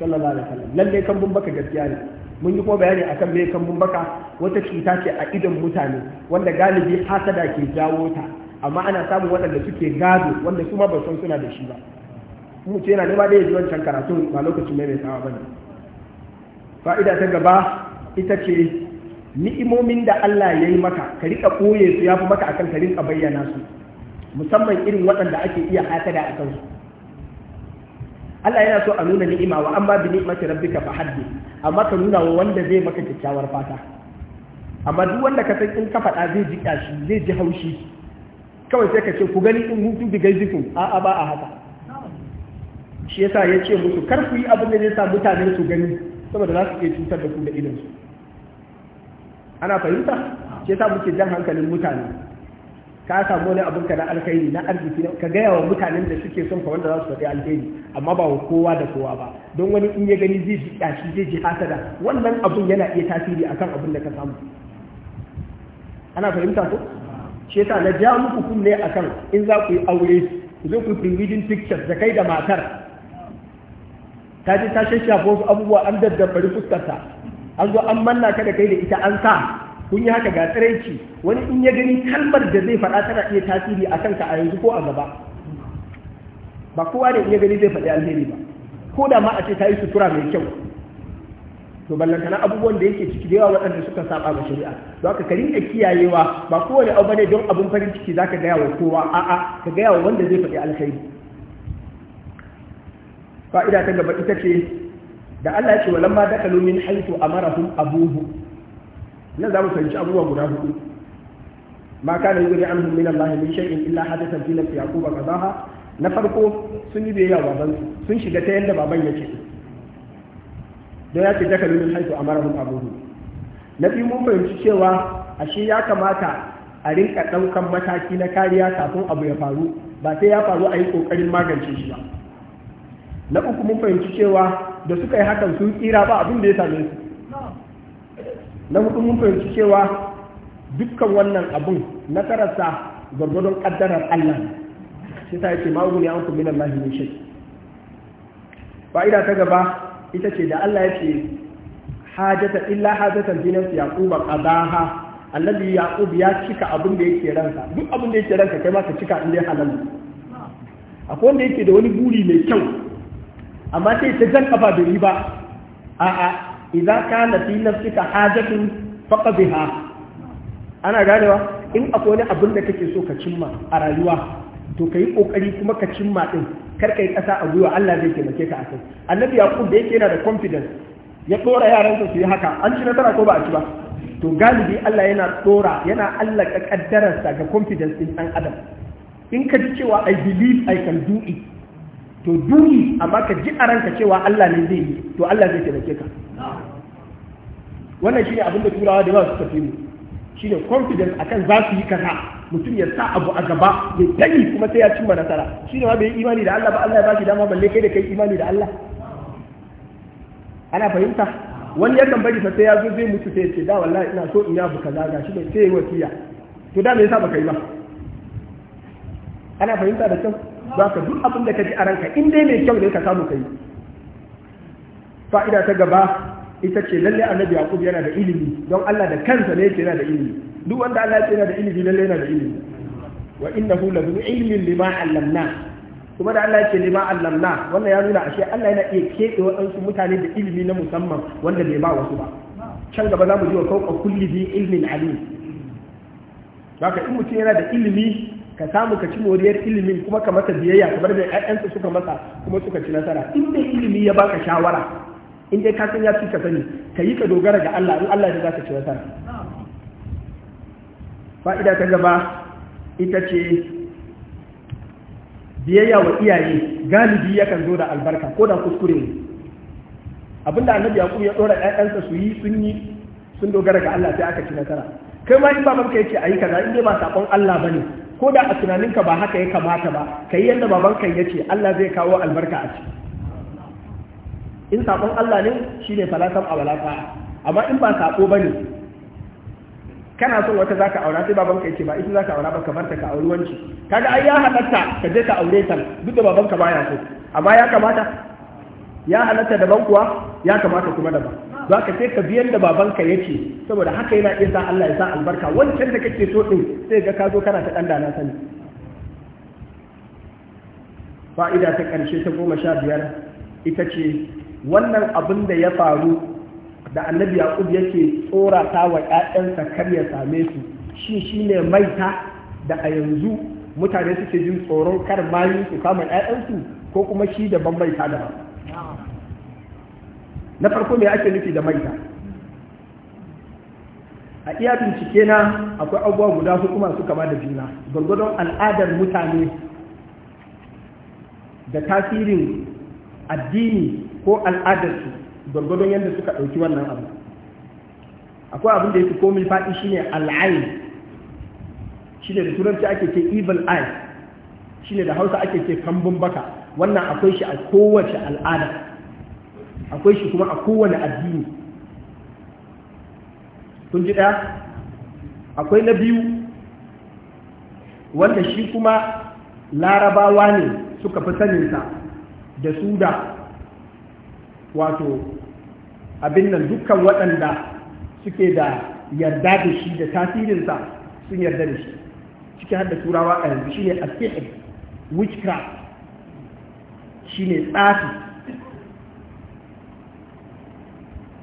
sallallahu alaihi wasallam lalle kambun baka gaskiya ne mun yi kuma bayani akan me kambun baka wata cuta ce a idon mutane wanda galibi hasada ke jawo ta amma ana samun waɗanda suke gado wanda su ma ba san suna da shi ba mu ce yana neman da ya ji wancan karatu ba lokacin mai mai tsawa ne fa'ida ta gaba ita ce ni'imomin da Allah ya yi maka ka riƙa ɓoye su ya fi maka akan ka riƙa bayyana su musamman irin waɗanda ake iya hasada a kansu Allah yana so a nuna ni'ima wa amma bi ni'mati rabbika fa haddi amma ka nuna wa wanda zai maka kyakkyawar fata amma duk wanda ka san in ka faɗa zai ji kashi zai ji haushi kawai sai ka ce ku gani in hutu bi a'a ba a haka shi yasa ya ce musu kar ku yi abin da zai sa mutanen su gani saboda za su iya cutar da ku da su. ana fahimta shi yasa muke jan hankalin mutane ka samu wani abin ka na alkhairi na arziki ka gaya wa mutanen da suke son ka wanda za su faɗi alkhairi amma ba wa kowa da kowa ba don wani in ya gani zai ji shi zai ji hasada wannan abun yana iya tasiri akan abin da ka samu ana fahimta ko shi yasa na ja muku kunne akan in za ku yi aure ku zo ku yi pictures da kai da matar ta ji ta shashafa wasu abubuwa an daddabari fuskarta an zo an manna ka da kai da ita an sa kun yi haka ga tsiraici wani in ya gani kalmar da zai faɗa tana iya tasiri a kanka a yanzu ko a gaba ba kowa da iya ya gani zai faɗi alheri ba ko da ma a ce ta yi sutura mai kyau to ballantana abubuwan da yake ciki da yawa waɗanda suka saba ga shari'a don haka ka rinka kiyayewa ba kowane abu ne don abun farin ciki ka gaya wa kowa a'a ka gaya wa wanda zai faɗi alheri fa'ida ta gaba ita ce da Allah ya ce walamma dakalu min haythu amarahum abuhu nan za mu fahimci abubuwa guda hudu ma kana guri anhu min Allah min shay'in illa hadatha fi nafsi yaquba qadaha na farko sun yi biyayya baban sun shiga ta yanda baban yake da ya ce daga min haitu amarahum abuhu na biyu mun fahimci cewa ashe ya kamata a rinka ɗaukan mataki na kariya kafin abu ya faru ba sai ya faru a yi kokarin magance shi ba na uku mun fahimci cewa da suka yi hakan sun tsira ba abin da ya same su na hudu mun fahimci cewa dukkan wannan abun na karasa gwargwadon kaddarar Allah shi ta yake ne an anku minan lahi min shai fa'ida ta gaba ita ce da Allah yake hajata illa hajatan dinan yaquba qadaha annabi yaqub ya cika abin da yake ranka duk abin da yake ranka kai ma ka cika in dai halal akwai wanda yake da wani buri mai kyau amma sai ta jan kafa da riba a'a ka kana fi nafsika hajatun faqadha ana ganewa in akwai wani abin da kake so ka cimma a rayuwa to ka yi ƙoƙari kuma ka cimma ɗin, kar yi ƙasa a gwiwa Allah zai taimake ka kai annabi ya da yake yana da confidence ya ɗora yaransa su yi haka an ci nasara ko ba a ci ba to galibi Allah yana ɗora, yana allaka kaddararsa ga confidence ɗin ɗan adam in ka ji cewa i believe i can do it to duni amma ka ji a ranka cewa Allah ne zai yi to Allah zai taimake ka wannan shine abin da turawa da yawa suka fi mu shine confidence akan za su yi kaza mutum ya sa abu a gaba ya dani kuma sai ya cimma nasara shine ma bai yi imani da Allah ba Allah ya baki dama balle kai da kai imani da Allah ana fahimta wani yakan bari fa sai ya zo zai mutu sai ya ce da wallahi ina so in ya bu kaza ga shi ne sai ya wasiya to da me yasa baka yi ba ana fahimta da kyau za ka duk abin da ka ji a ranka in dai mai kyau ne ka samu kai fa'ida ta gaba ita ce lalle annabi yaqub yana da ilimi don Allah da kansa ne yake yana da ilimi duk wanda Allah ya yana da ilimi lalle yana da ilimi wa innahu la bi ilmin lima allamna kuma da Allah ce lima allamna wannan ya nuna ashe Allah yana iya kebe waɗansu mutane da ilimi na musamman wanda bai ba wasu ba can gaba za mu ji wa kawo kulli bi ilmin alim haka in mutum yana da ilimi ka samu ka ci moriyar ilimin kuma ka masa biyayya kamar da ƴaƴansa suka masa kuma suka ci nasara in dai ilimi ya baka shawara in dai ka san ya fi ka sani ka yi ka dogara ga Allah in Allah ne za ci nasara fa'ida ta gaba ita ce biyayya wa iyaye galibi yakan zo da albarka ko da kuskure ne abinda annabi yaqub ya dora ƴaƴansa su yi sun yi sun dogara ga Allah sai aka ci nasara kai ma in babanka yace ayi kaza in dai ba sakon Allah bane ko da a tunaninka ba haka ya kamata ba ka yi yadda babanka ya ce Allah zai kawo albarka a ciki in saƙon Allah ne shi ne falasaf a walata amma in ba saƙo ba ne kana son wata za ka aura sai babanka ya ce ba ita za ka aura ba ka ta ka auri wanci kaga ai ya halatta ka je ka aure ta duk da babanka baya so amma ya kamata ya halatta daban kuwa ya kamata kuma daban za ka sai ka biyan da babanka ya ce saboda haka yana iya sa Allah ya sa albarka wancan da kake so din sai ga ka zo kana ta ɗan dana sani fa'ida ta ƙarshe ta goma sha biyar ita ce wannan abin da ya faru da annabi yaqub yake tsorata wa 'ya'yansa kar ya same su shi shine maita da a yanzu mutane suke jin tsoron kar mayu su kama ƴaƴansu ko kuma shi daban da ba. na farko me ake nufi da maita a iya bincike na akwai abubuwa guda su kuma su kama da juna gwargwadon al'adar mutane da tasirin addini ko al'adarsu gwargwadon yadda suka ɗauki wannan abu akwai abin da ya fi komin faɗi shine al'ayin shi ne da turanci ake ce evil eye shi ne da hausa ake ce kambun baka wannan akwai shi a kowace al'ada akwai shi kuma a kowane addini kun ji ɗaya akwai na biyu wanda shi kuma larabawa ne suka fi saninsa da su da wato abin nan dukkan waɗanda suke da yarda da shi da tasirinsa sun yarda da shi ciki har da turawa a yanzu shi ne a witchcraft shi ne tsafi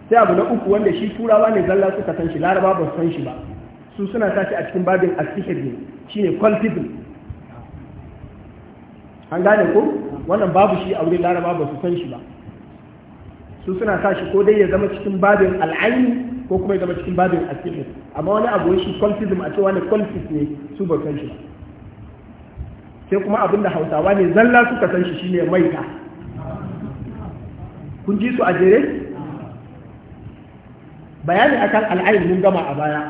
sai abu na uku wanda shi turawa ne zalla suka san shi laraba ba san shi ba su suna sashi a cikin babin asihir ne shine cultism an gane ko wannan babu shi a wurin laraba ba su san shi ba su suna sashi ko dai ya zama cikin babin al'aini ko kuma ya zama cikin babin asihir amma wani abu shi cultism a cewa ne cultist ne su ba san shi ba sai kuma abin da hausawa ne zalla suka san shi shine maita kun ji su a jere bayani akan al'ayin mun gama a baya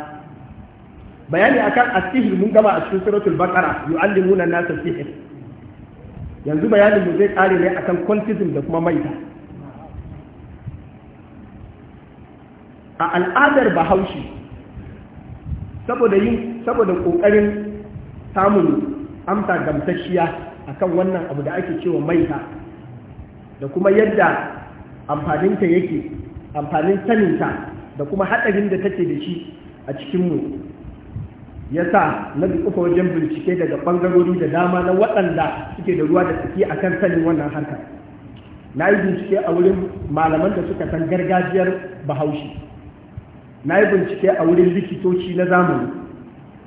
bayani akan asihir mun gama a cikin suratul baqara yu'allimuna an-nasa sihir yanzu bayanin mu zai kare ne akan cultism da kuma maita a al'adar bahaushe saboda yin saboda kokarin samun amsa gamsashiya akan wannan abu da ake cewa maita da kuma yadda amfaninta yake amfanin saninta da kuma haɗarin da take da shi a cikinmu ya sa na duka wajen bincike daga bangarori da dama na waɗanda suke da ruwa da tsaki a kan sanin wannan harka na yi bincike a wurin malaman da suka san gargajiyar bahaushe na yi bincike a wurin likitoci na zamani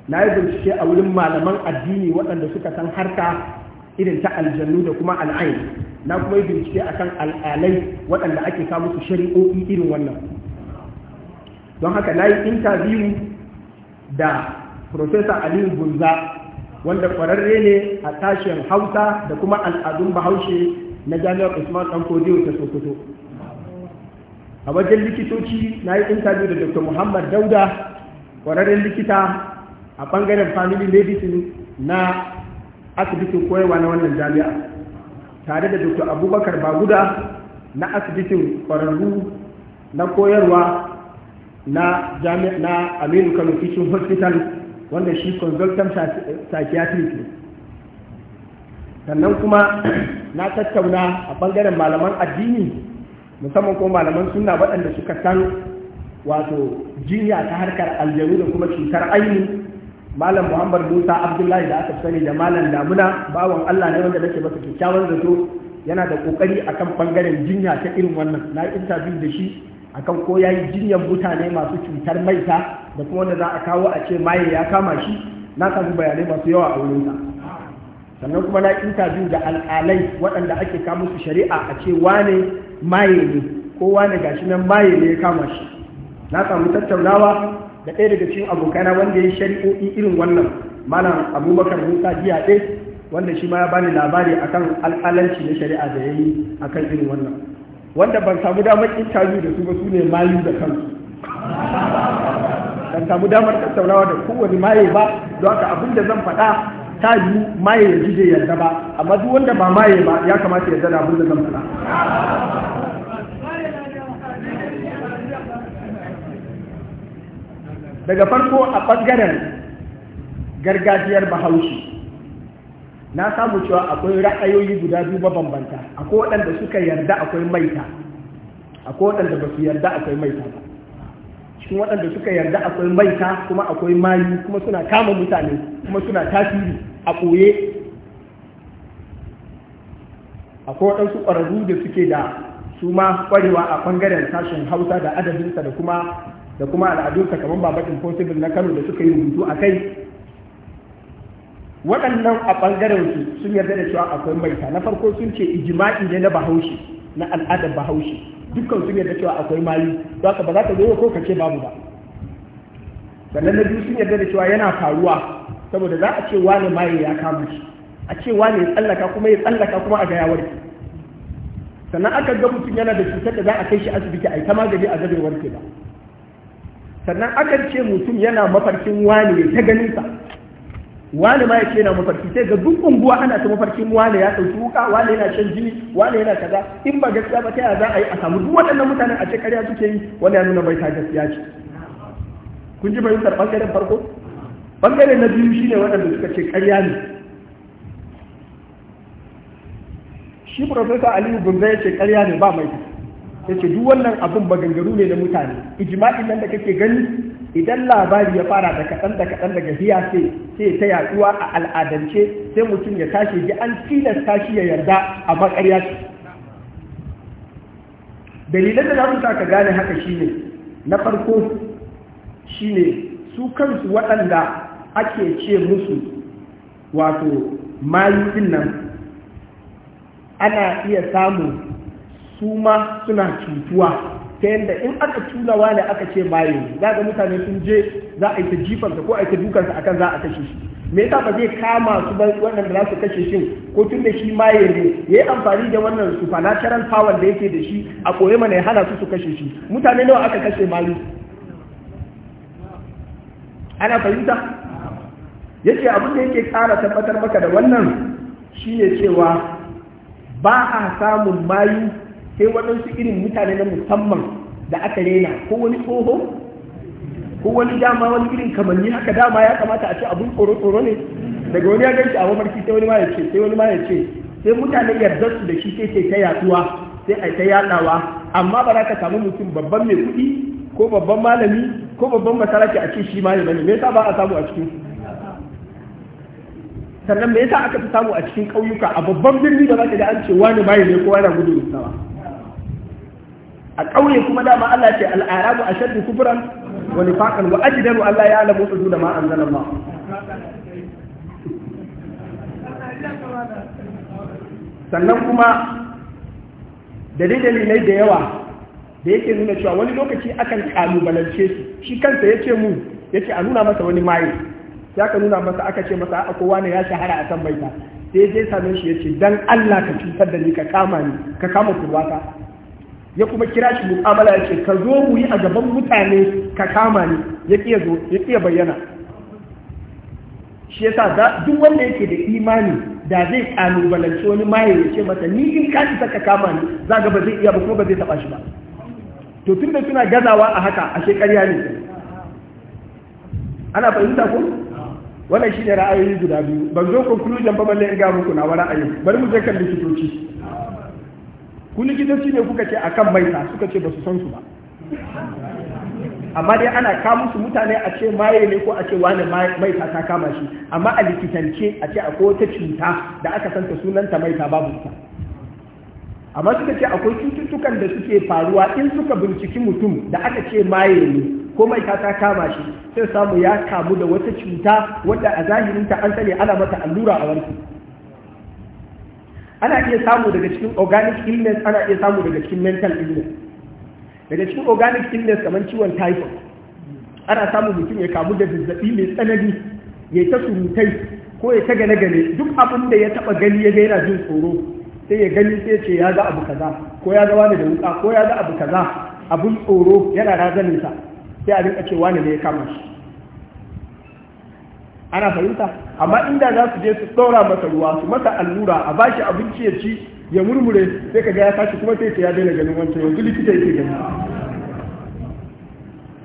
na yi bincike a wurin malaman addini waɗanda suka san harka irin ta aljannu da kuma al'ain na kuma yi bincike a kan al'alai waɗanda ake samu su shari'o'i irin wannan don haka na yi intabiyu da Profesa Aliyu Gunza wanda kwararre ne a tashin Hausa da kuma al'adun Bahaushe na Jami'ar Usman Ɗankodiyo ta Sokoto. A wajen likitoci na yi intabiyu da Dr. Muhammad Dauda kwararren likita a ɓangaren family medicine na asibitin koyarwa na wannan jami'a tare da Dr. Abubakar Baguda na asibitin kwararru na koyarwa na na Aminu Kano kitchen Hospital wanda shi consultant psychiatric ne sannan kuma na tattauna a bangaren malaman addini musamman ko malaman sunna waɗanda suka san wato jinya ta harkar aljanu da kuma cutar aini malam muhammad musa abdullahi da aka sani da malam damuna bawan allah ne wanda nake masa kyakkyawan zato yana da kokari akan bangaren jinya ta irin wannan na interview da shi akan ko ya yi jinyar mutane masu cutar maita da kuma wanda za a kawo a ce maye ya kama shi na samu bayanai masu yawa a wurinsa sannan kuma na interview da al'alai waɗanda ake kawo musu shari'a a ce wane maye ne ko wane gashi nan maye ne ya kama shi na samu tattaunawa da ɗaya daga cikin abokana wanda ya shari'o'i irin wannan malam abubakar musa jiya ɗaya wanda shi ma ya bani labari akan alƙalanci na shari'a da ya yi akan irin wannan wanda ban samu damar interview da su ba su ne mayu da kansu ban samu damar tattaunawa da kowane maye ba don haka abin da zan faɗa ta yi maye ya jije yadda ba amma duk wanda ba maye ba ya kamata ya da abin da zan faɗa daga farko a ɓangaren gargajiyar bahaushe na samu cewa akwai ra'ayoyi guda biyu mabambanta akwai waɗanda suka yarda akwai maita akwai waɗanda ba su yarda akwai maita ba cikin waɗanda suka yarda akwai maita kuma akwai mayu kuma suna kama mutane kuma suna tasiri a ɓoye akwai waɗansu ƙwararru da suke da su ma ƙwarewa a ɓangaren sashen hausa da adadinsa da kuma da kuma al'adunsa kamar babakin possible na kano da suka yi rubutu a kai waɗannan a ɓangaren sun yarda da cewa akwai maita na farko sun ce ijima'i ne na bahaushe na al'adar bahaushe dukkan sun yarda cewa akwai mayu to haka ba za ka zo ko ka ce babu ba sannan na biyu sun yarda da cewa yana faruwa saboda za a ce wane maye ya kama shi a ce wane ya tsallaka kuma ya tsallaka kuma a ga ya warke sannan aka ga mutum yana da cutar da za a kai shi asibiti a yi ta magani a zabe warke ba sannan aka ce mutum yana mafarkin wane ya ta ganin sa wani ma yake yana mafarki sai ga duk unguwa ana ta mafarkin wani ya ɗauki wuka wani yana shan jini wani yana kaza in ba gaskiya ba ta za a yi a samu duk waɗannan mutanen a cikin ƙarya suke yi wani ya nuna bai ta gaskiya ce kun ji fahimtar ɓangaren farko ɓangare na biyu shine waɗanda suka ce ƙarya ne shi profesa aliyu gunza ya ce ƙarya ne ba mai ya ce duk wannan abin ba gangaru ne na mutane ijma'in nan da kake gani idan labari ya fara da kaɗan da kaɗan daga hiya sai ta yaduwa a al'adance sai mutum ya tashi ji an tilasta shi ya yarda a makarya su. dalilan da za su ka gane haka shine na farko shine su kansu waɗanda ake ce musu wato mayu nan ana iya samu su ma suna cutuwa ta yadda in aka wa ne aka ce maye za ga mutane sun je za a yi ta jifansa ko a yi ta dukansa akan za a kashe shi me yasa ba zai kama su ba waɗanda za su kashe shi ko tun da shi maye ne ya yi amfani da wannan supernatural power da yake da shi a koyi mana ya hana su su kashe shi mutane nawa aka kashe mali? ana fahimta yace abin da yake kara tabbatar maka da wannan shine cewa ba a samun mayu sai waɗansu irin mutane na musamman da aka rena ko wani tsoho ko wani dama wani irin kamanni haka dama ya kamata a ce abun tsoro tsoro ne daga wani ya ganci a mafarki sai wani ma ya ce sai wani ma ya ce sai mutane yarda su da shi sai ta yaduwa sai a ta yadawa amma ba za ka samu mutum babban mai kuɗi ko babban malami ko babban masaraki a ce shi ma ne bane me yasa ba a samu a cikin sannan me yasa aka fi samu a cikin ƙauyuka a babban birni da za ka ga an ce wani mai ne ko wani gudu sawa a ƙauye kuma dama Allah ce al'arabu ashaddu kufuran wa nifaqan wa ajdaru Allah ya alamu su da ma anzala Allah sannan kuma da dai dalilai da yawa da yake nuna cewa wani lokaci akan kalubalance su shi kansa ya ce mu ya ce a nuna masa wani maye ya ka nuna masa aka ce masa a kowa ne ya shahara a san baita sai ya je same shi ya ce dan Allah ka cutar da ni ka kama ni ka kama kurwata ya kuma kira shi mu'amala ya ce ka zo mu yi a gaban mutane ka kama ni ya kiya zo ya kiya bayyana shi yasa duk wanda yake da imani da zai kalubalanci wani maye ya ce masa ni in ka isa ka kama ni za ga ba zai iya ba kuma ba zai taba shi ba to tunda suna gazawa a haka a shekarya ne ana fahimta ko wannan shi ne ra'ayoyi guda biyu ban zo conclusion ba balle in ga muku na wa ra'ayi bari mu je kan likitoci ku likitoci ne kuka ce akan maita suka ce ba su san su ba amma dai ana kawo musu mutane a ce maye ne ko a ce wani maita ta kama shi amma a likitance a ce akwai wata cuta da aka santa sunanta maita babu ta amma suka ce akwai cututtukan da suke faruwa in suka binciki mutum da aka ce maye ne ko maita ta kama shi sai samu ya kamu da wata cuta wadda a zahirinta an sani ana mata allura a warki ana iya samu daga cikin organic illness ana iya samu daga cikin mental illness daga cikin organic illness kamar ciwon typhoid ana samu mutum ya kamu da zazzabi mai tsanani ya ta surutai ko ya ta gane gane duk abin da ya taba gani ya ga jin tsoro sai ya gani sai ce ya ga abu kaza ko ya ga wani da wuka ko ya ga abu kaza abun tsoro yana razaninsa sai a rinka cewa ne ya kama shi ana fahimta amma inda za su je su ɗora masa ruwa su masa allura a bashi abinci ya ci ya murmure sai ka ga ya tashi kuma sai ya daina ganin wancan yanzu likita yake gani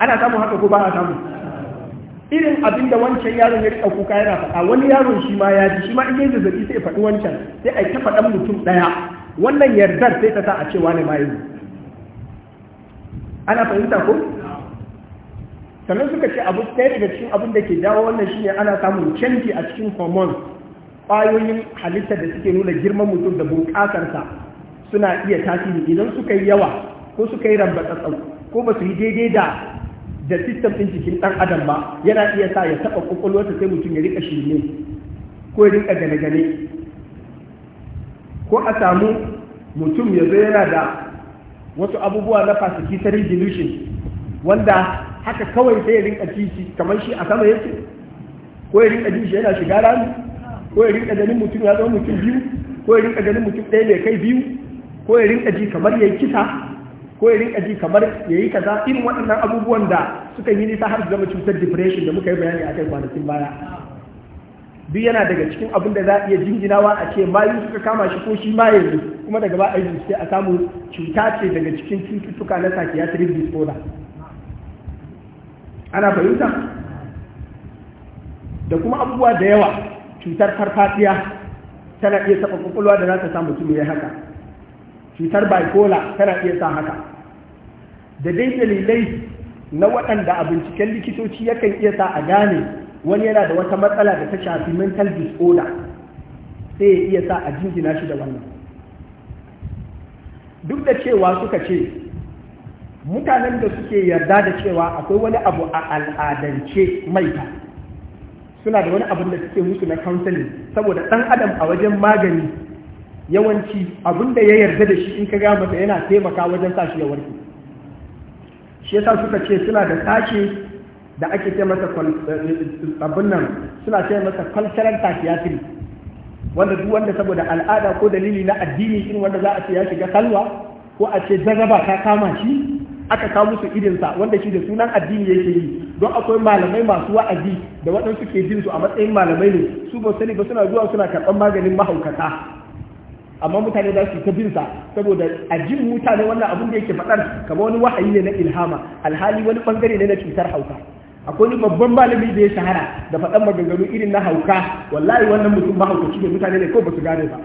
ana samun haka ko ba a samu irin abin da wancan yaron ya rika kuka yana faɗa wani yaron shi ma ya ji shi ma in yayin zazzabi sai ya faɗi wancan sai a ta faɗan mutum ɗaya wannan yardar sai ta sa a cewa ne ma yi. ana fahimta ko sannan suka ce abu ɗaya daga cikin abin da ke jawo wannan shine ana samun canji a cikin hormones ƙwayoyin halitta da suke nuna girman mutum da bunƙasarsa suna iya tasiri idan suka yi yawa ko suka yi rambatsatsau ko ba su yi daidai da da sistem ɗin jikin ɗan adam ba yana iya sa ya taɓa ƙwaƙwalwarsa sai mutum ya riƙa shirme ko ya riƙa gane-gane ko a samu mutum ya zo yana da wasu abubuwa na fasiki sarin delusion wanda haka kawai sai ya rinka titi kamar shi a sama yake ko ya rinka jin shi yana shiga rami ko ya rinka ganin mutum ya zama mutum biyu ko ya rinka ganin mutum ɗaya mai kai biyu ko ya rinka ji kamar ya yi kisa ko rinka ji kamar ya yi kaza irin waɗannan abubuwan da suka yi nisa har zama cutar depression da muka yi bayani a kai kwanakin baya duk yana daga cikin abin da za a iya jinginawa a ce mayu suka kama shi ko shi ma yanzu kuma daga ba a yi sai a samu cuta ce daga cikin cututtuka na psychiatric disorder ana fahimta da kuma abubuwa da yawa cutar farfadiya tana iya taɓa kwakwalwa da za ta sa mutum ya haka cutar bipolar tana iya sa haka da dai dalilai na waɗanda a binciken likitoci yakan iya sa a gane wani yana da wata matsala da ta shafi mental disorder sai ya iya sa a jingina shi da wannan duk da cewa suka ce mutanen da suke yarda da cewa akwai wani abu a al'adance maita suna da wani abin da suke musu na counseling saboda ɗan adam a wajen magani yawanci abin da ya yarda da shi in ka gama da yana taimaka wajen sa shi ya warke shi yasa suka ce suna da sashe da ake ce masa eh, abin nan suna ce masa cultural psychiatry wanda duk wanda saboda al'ada ko dalili na addini in wanda za a ce ya shiga kalwa ko a ce jarraba ta kama shi aka kawo musu irinsa wanda shi da sunan addini yake yi don akwai malamai masu wa'azi da waɗansu ke jin su a matsayin malamai ne su ba sani ba suna zuwa suna karɓan maganin mahaukata amma mutane za su ta bin sa saboda a jin mutane wannan abin da yake faɗar kamar wani wahayi ne na ilhama alhali wani bangare ne na cutar hauka akwai wani babban malami da ya shahara da faɗan maganganu irin na hauka wallahi wannan mutum mahaukaci haukaci ne mutane ne ko ba su gane ba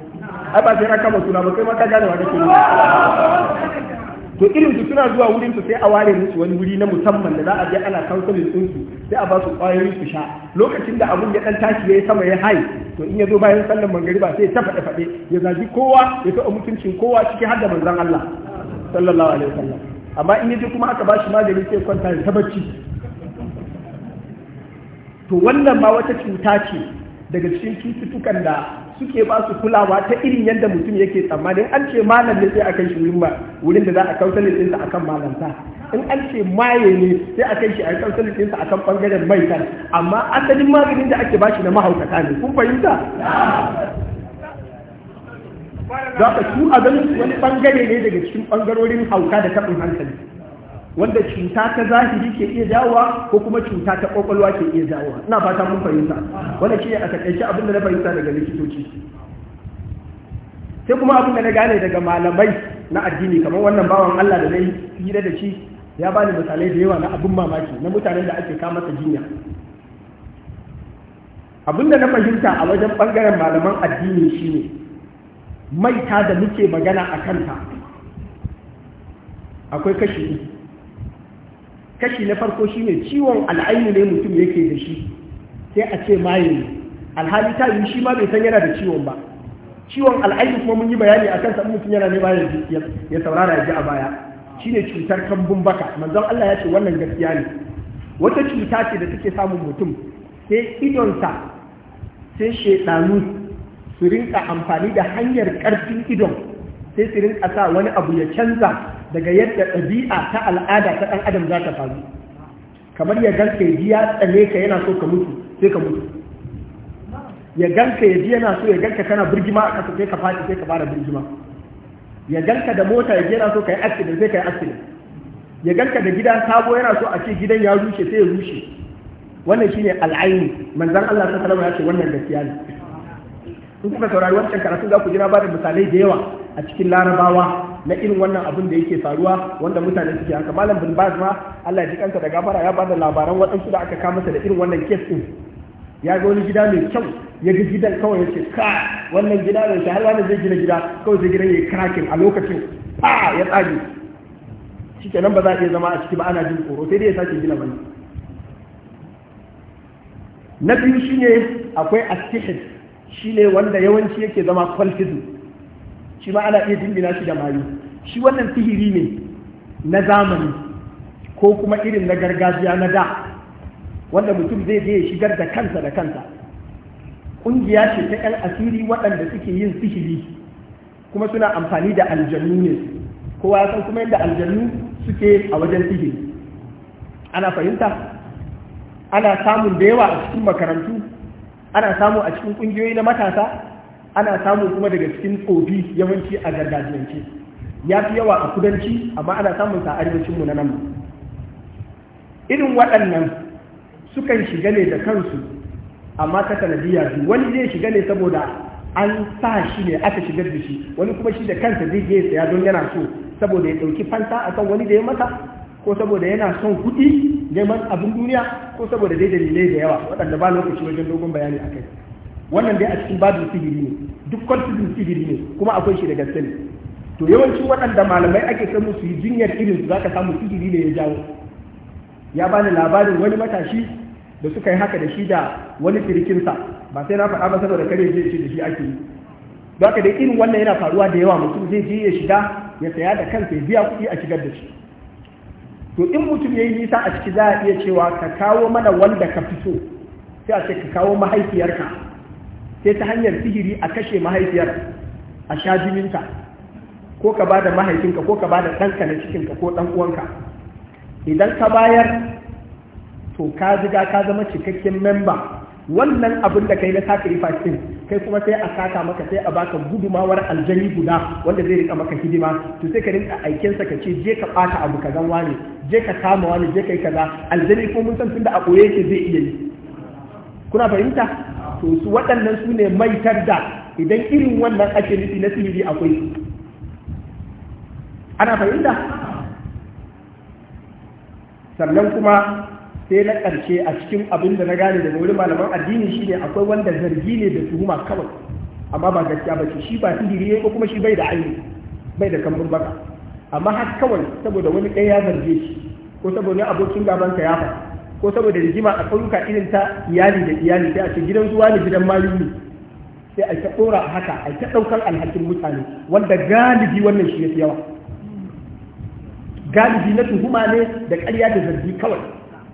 ai ba sai ka kama suna ba kai ma ka gane wa kake to irin su suna zuwa wurin su sai a ware musu wani wuri na musamman da za a je ana kansulin din su sai a ba su kwayoyi su sha lokacin da abun ya dan tashi yayi sama ya hai to in ya zo bayan sallar ba sai ta faɗe faɗe ya zaji kowa ya taɓa mutuncin kowa ciki har da manzon Allah sallallahu alaihi wasallam amma in yaje kuma aka bashi magani sai kwanta ya tabacci to wannan ma wata cuta ce daga cikin cututtukan da suke ba su kulawa ta irin yadda mutum yake tsammanin an ce malam ne sai a kai shi wurin ba wurin da za a kautar ɗinsa a kan malanta in an ce maye ne sai a kai shi a kautar ɗinsa a kan ɓangaren kan amma asalin maganin da ake shi na mahaukata ne kun fahimta za su a ganin wani ɓangare ne daga cikin ɓangarorin hauka da taɓin hankali wanda cuta ta zahiri ke iya jawowa ko kuma cuta ta kwakwalwa ke iya jawowa ina fata mun fahimta wanda shi a takaice abin na fahimta daga likitoci sai kuma abin da na gane daga malamai na addini kamar wannan bawan Allah da nayi hira da shi ya bani misalai da yawa na abin mamaki na mutanen da ake kama jinya abin da na fahimta a wajen bangaren malaman addini shine maita da muke magana a kanta akwai kashi kashi na farko shi ne ciwon al'ainu ne mutum yake da shi sai a ce maye ne alhali ta yi shi ma bai san yana da ciwon ba ciwon al'ainu kuma mun yi bayani a kansa mutum yana ne bayan ya saurara ya ji a baya Shi ne cutar kambun baka manzon Allah ya ce wannan gaskiya ne wata cuta ce da take samun mutum sai idonsa sai shedanu su rinka amfani da hanyar karfin idon sai su rinka sa wani abu ya canza daga yadda ɗabi'a ta al'ada ta ɗan adam za ta faru kamar ya ganka ya ji ya tsane ka yana so ka mutu sai ka mutu ya ganka ya ji yana so ya ganka kana birgima a ƙasa sai ka faɗi sai ka fara birgima ya ganka da mota ya ji yana so ka yi accident sai ka yi accident ya ganka da gidan sabo yana so a ce gidan ya rushe sai ya rushe wannan shine al'aini manzon Allah sallallahu alaihi wasallam ya ce wannan gaskiya ne in kuka saurari wancan karatun za ku jira ba da misalai da yawa a cikin larabawa na irin wannan abin da yake faruwa wanda mutane suke haka malam bin baz ma Allah ya ji kanta da gafara ya bada labaran waɗansu da aka kama da irin wannan kes din ya ga wani gida mai kyau ya ga gidan kawai ya ce ka wannan gida mai har wani zai gina gida kawai zai gina ya yi krakin a lokacin fa ya tsage shi nan ba za a iya zama a ciki ba ana jin tsoro sai dai ya sake gina wani na biyu shine akwai astihid shine wanda yawanci yake zama kwalfizm shi ma ana iya dingina shi da mayu shi wannan sihiri ne na zamani ko kuma irin na gargajiya na da wanda mutum zai je shigar da kansa da kansa ƙungiya ce ta 'yan asiri waɗanda suke yin sihiri kuma suna amfani da aljannu ne kowa ya san kuma yadda aljannu suke a wajen sihiri ana fahimta ana samun da yawa a cikin makarantu ana samu a cikin ƙungiyoyi na matasa ana samu kuma daga cikin tsofi yawanci a gargajiyance ya fi yawa a kudanci amma ana samun sa arewacin mu na nan irin waɗannan sukan shiga ne da kansu amma ta sanadiyya su wani zai shiga ne saboda an sa shi ne aka shigar da shi wani kuma shi da kansa zai je saya don yana so saboda ya ɗauki fanta a kan wani da ya mata, ko saboda yana son kuɗi neman abin duniya ko saboda dai dalilai da yawa waɗanda ba lokaci wajen dogon bayani a kai wannan dai a cikin babu sihiri ne duk kwantizin sihiri ne kuma akwai shi da gaske ne to yawancin waɗanda malamai ake samu su yi jinyar irin su za ka samu sihiri ne ya jawo ya bani labarin wani matashi da suka yi haka da shi da wani sirikinsa ba sai na faɗa ba saboda kare je shi da shi ake yi don haka dai irin wannan yana faruwa da yawa mutum zai je ya shiga ya saya da kansa ya biya kuɗi a shigar da shi to in mutum ya yi nisa a ciki za a iya cewa ka kawo mana wanda ka fi so sai a ce ka kawo mahaifiyarka sai ta hanyar sihiri a kashe mahaifiyar a sha jininta ko ka ba da mahaifinka ko ka ba da ɗanka na cikinka ko ɗan uwanka idan ka bayar to ka ziga ka zama cikakken memba wannan abin da ka yi na sacrifice din kai kuma sai a saka maka sai a baka gudumawar aljani guda wanda zai rika maka hidima to sai ka rinka aikin sa ka ce je ka bata abu zan wani je ka kama wani je kai kaza aljani ko mun san tunda a koyeke yake zai iya yi kuna fahimta to su waɗannan su ne mai da idan irin wannan ake nufi na sihiri akwai su ana fahimta sannan kuma sai na ƙarshe a cikin abin da na gane daga wurin malaman addini shi ne akwai wanda zargi ne da tuhuma kawai amma ba gaskiya ba ce shi ba sihiri ne ko kuma shi bai da aini bai da kambun baka amma har kawai saboda wani ɗaya ya zarge shi ko saboda abokin gabanka ya faɗi. ko saboda rigima a ƙauyuka irin ta iyali da iyali sai a ce gidan zuwa ne gidan mali ne sai a ta ɗora a haka a ta ɗaukar alhakin mutane wanda galibi wannan shi ya fi yawa galibi na tuhuma ne da ƙarya da zargi kawai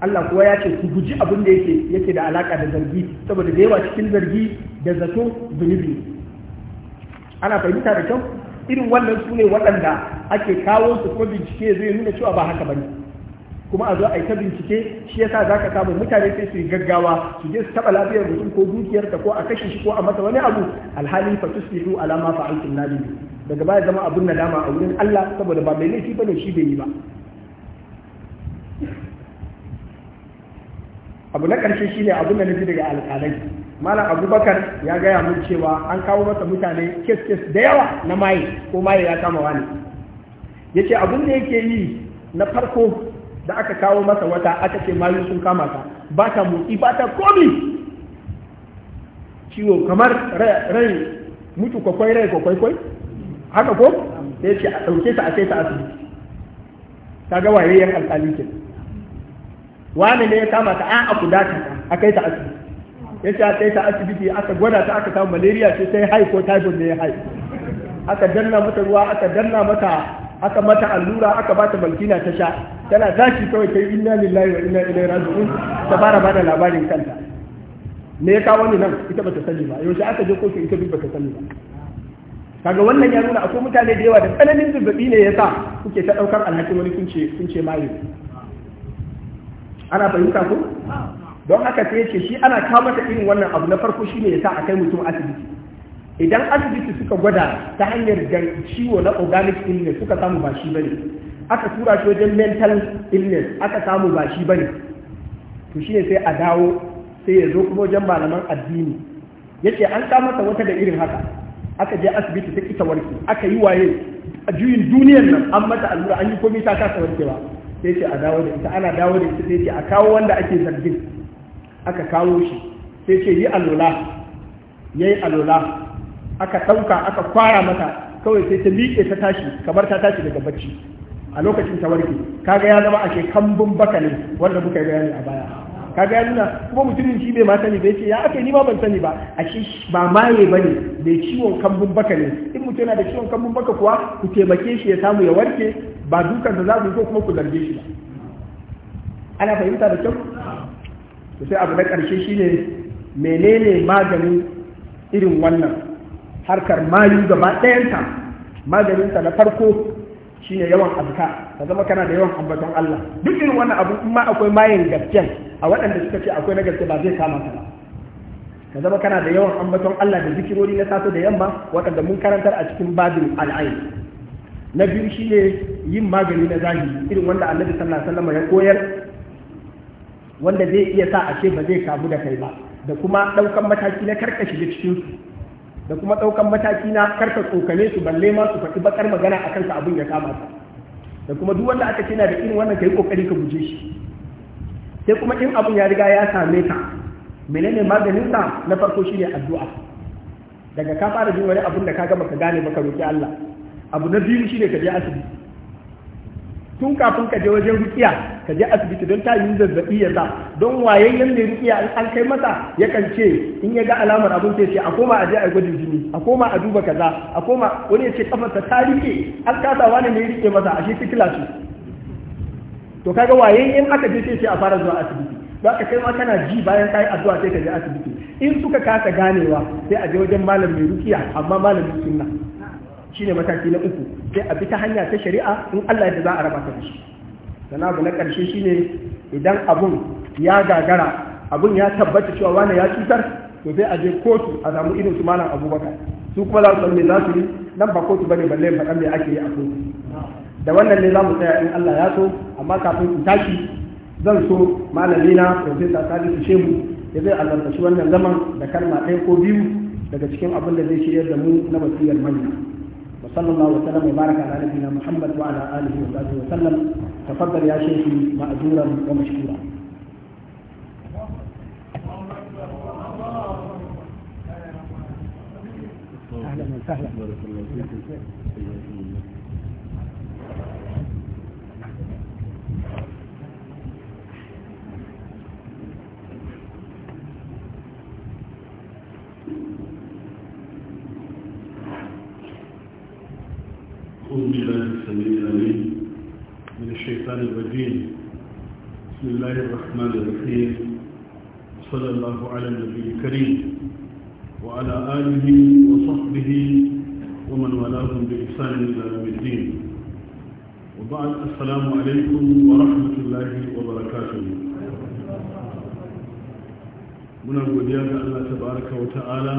Allah kuwa ya ce ku guji abin da yake yake da alaka da zargi saboda da yawa cikin zargi da zato zunubi ana fahimta da kyau irin wannan su ne waɗanda ake kawo su ko bincike zai nuna cewa ba haka bane kuma a zo a yi ta bincike shi yasa za ka samu mutane sai su yi gaggawa su je su taɓa lafiyar mutum ko dukiyarsa ko a kashe shi ko a masa wani abu alhali fa tusbihu ala ma fa'altum nadimi daga baya zama abun nadama a wurin Allah saboda ba mai laifi bane shi bai yi ba abu na ƙarshe shine abun da na naji daga alƙalai malam abubakar ya gaya mun cewa an kawo masa mutane kes kes da yawa na maye ko maye ya kama wani yace abun da yake yi na farko da aka kawo masa wata aka ce mayu sun kama ta ba ta motsi ba ta komi ciwo kamar rai mutu kwakwai rai kwakwai kwai haka ko sai ce a ɗauke ta a kai ta asibiti ta ga wayayyen alƙali ke wani ne ya kama ta an aku dace a kai ta asibiti ya ce a kai ta asibiti aka gwada ta aka samu malaria ce sai hai ko typhoid ne ya hai aka danna mata ruwa aka danna mata aka mata allura aka bata malkina ta sha tana zaki kawai ta yi inna lillahi wa inna ilaihi raji'un ta fara bada labarin kanta me ya kawo ni nan ita bata sani ba yaushe aka je kofi ita duk bata sani ba kaga wannan ya nuna akwai mutane da yawa da tsananin zazzabi ne yasa kuke ta daukar alhakin wani kun ce kun ce mayu ana fahimta ko don haka sai ce shi ana kawo mata irin wannan abu na farko shine yasa akai mutum asibiti idan asibiti suka gwada ta hanyar ciwo na organic illness suka samu ba shi bane aka tura shi wajen mental illness aka samu ba shi bane to shine sai a dawo sai ya zo kuma wajen malaman addini yace an ka masa wata da irin haka aka je asibiti ta ita warke aka yi waye a juyin duniyar nan an mata allura an yi komai ta kasa warkewa sai ce a dawo da ita ana dawo da ita sai ce a kawo wanda ake zargin aka kawo shi sai ce yi alola yayi alola aka ɗauka aka kwara mata kawai sai ta liƙe ta tashi kamar ta tashi daga bacci a lokacin ta warke kaga ya zama ake kambun baka ne wanda muka yi bayani a baya kaga ya nuna kuma mutumin shi bai ma sani bai ce ya aka ni ma ban sani ba shi ba maye ba ne mai ciwon kambun baka ne in mutum yana da ciwon kambun baka kuwa ku taimake shi ya samu ya warke ba dukan da za ku ko kuma ku zarge shi ba ana fahimta da kyau to sai abu na ƙarshe shine menene maganin irin wannan harkar mayu gaba ɗayanta maganinta na farko shine yawan abuka ka zama kana da yawan ambaton Allah duk irin wannan abu in ma akwai mayin gaskiya a waɗanda suka ce akwai na gaske ba zai kama ka ba ka zama kana da yawan ambaton Allah da zikirori na sato da yamma waɗanda mun karantar a cikin babin al'ain na biyu shi ne yin magani na zahiri irin wanda Annabi sallallahu alaihi wasallam ya koyar wanda zai iya sa a ce ba zai kamu da kai ba da kuma ɗaukan mataki na karkashi da cikin da kuma ɗaukan mataki na karka tsokane su balle ma su faɗi bakar magana a kansa abin ya kama ta. da kuma duk wanda aka na da irin wannan kai kokari ka guje shi sai kuma in abin ya riga ya same ka menene maganin sa na farko shine addu'a daga ka fara jin wani abin da ka gama ka gane baka roki Allah abu na biyu shine ka je asibiti tun kafin ka je wajen rukiya ka je asibiti don ta yi zazzabi ya sa don wayayyen ne rukiya an kai masa kan ce in ya ga alamar abin sai ce a koma a je a gwajin jini a koma a duba kaza a koma wani ya ce kafarsa ta rike an kasa wani ne rike masa a shi kila su to kaga wayayyen aka je sai ce a fara zuwa asibiti don ka kai ma kana ji bayan kayi addu'a sai ka je asibiti in suka kasa ganewa sai a je wajen malam mai rukiya amma malamin sunna shine mataki na uku sai a bi ta hanya ta shari'a in Allah ya za a raba ta da shi sana abu na ƙarshe shine idan abun ya gagara abun ya tabbata cewa wani ya cutar to sai a je kotu a samu irin su malam abubakar su kuma za su san me za su yi nan ba kotu bane balle ba me ake yi a kotu da wannan ne za mu tsaya in Allah ya so amma kafin in tashi zan so malami na Salisu Shehu ya zai albarkaci wannan zaman da kalma ɗaya ko biyu daga cikin abin da zai shirya da mu na wasiyar manya وصلى الله وسلم وبارك على نبينا محمد وعلى اله وصحبه وسلم تفضل يا شيخي ماجورا ومشكورا اهلا وسهلا الكريم صلى الله على النبي الكريم وعلى آله وصحبه ومن والاهم بإحسان إلى يوم الدين وبعد السلام عليكم ورحمة الله وبركاته من godiya ga Allah tabaraka wa ta'ala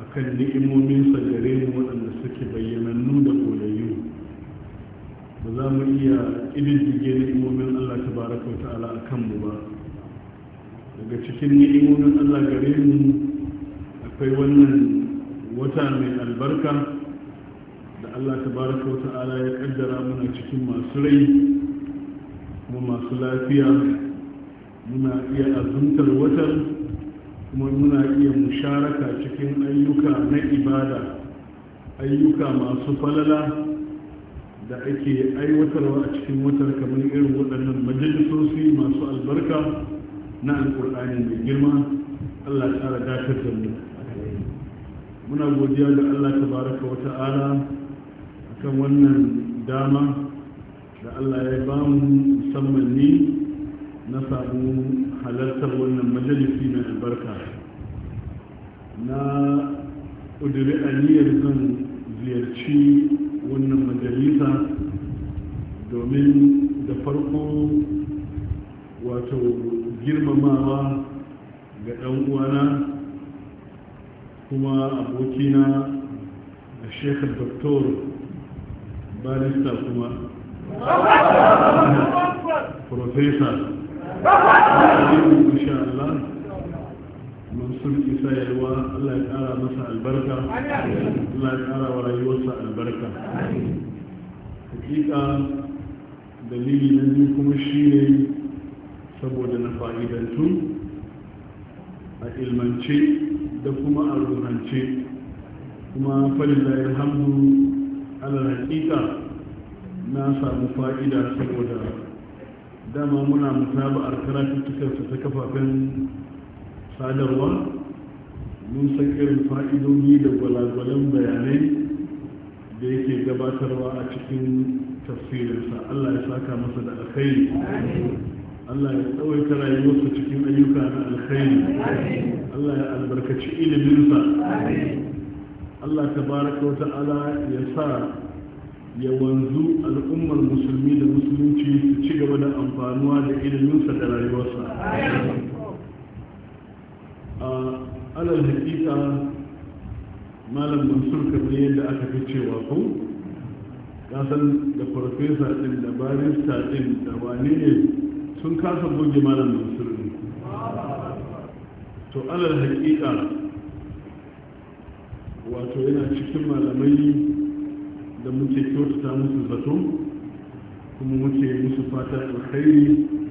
akan ni'imomin sa gare mu waɗanda suke bayyanannu da mu iya ididdige ni'imomin Allah ta baraka ta'ala a kanmu ba daga cikin ni'imomin Allah gare mu akwai wannan wata mai albarka da Allah ta baraka ta'ala ya ƙaddara muna cikin masu rai kuma masu lafiya muna iya azumtar watan kuma muna iya musharaka cikin ayyuka na ibada ayyuka masu falala da ake aiwatarwa a cikin watar kamar irin waɗannan majalisosi masu albarka na alƙur'ani mai girma allah tsara dakatar da mu muna godiya da allah ta baraka wa ta'ala kan wannan dama da allah ya ba mu musamman ni na samu halartar wannan majalisi mai albarka na ƙudiri aniyar zan ziyarci wannan majalisa domin da farko wato girmamawa ga ɗan uwana kuma abokina da shekar doktor barista kuma profesa Allah sun isa yalwa Allah ya ƙara masa albarka Allah ya ƙara wa rayuwarsa albarka hakika dalili na biyu kuma shi ne saboda na fa'idantu a ilmance da kuma a ruhance kuma falila ya hamdu ala hakika na samu fa'ida saboda dama muna mutaba'ar karatuttukansa ta kafafen sadarwa mun san irin fa'idodi da gwalagwalan bayanai da yake gabatarwa a cikin tafsirinsa allah ya saka masa da alkhairi allah ya tsawaita rayuwarsa cikin ayyuka na alkhairi allah ya albarkaci iliminsa allah ta baraka wata ya sa ya wanzu al'ummar musulmi da musulunci su ci gaba da amfanuwa da iliminsa da rayuwarsa a alal hakika malam mansur kamar yadda aka fi cewa ko san da farfesa din da barista din da wane ne sun kasa goge malam mansur ne to alal hakika wato yana cikin malamai da muke kyautata musu zato kuma muke musu fata alkhairi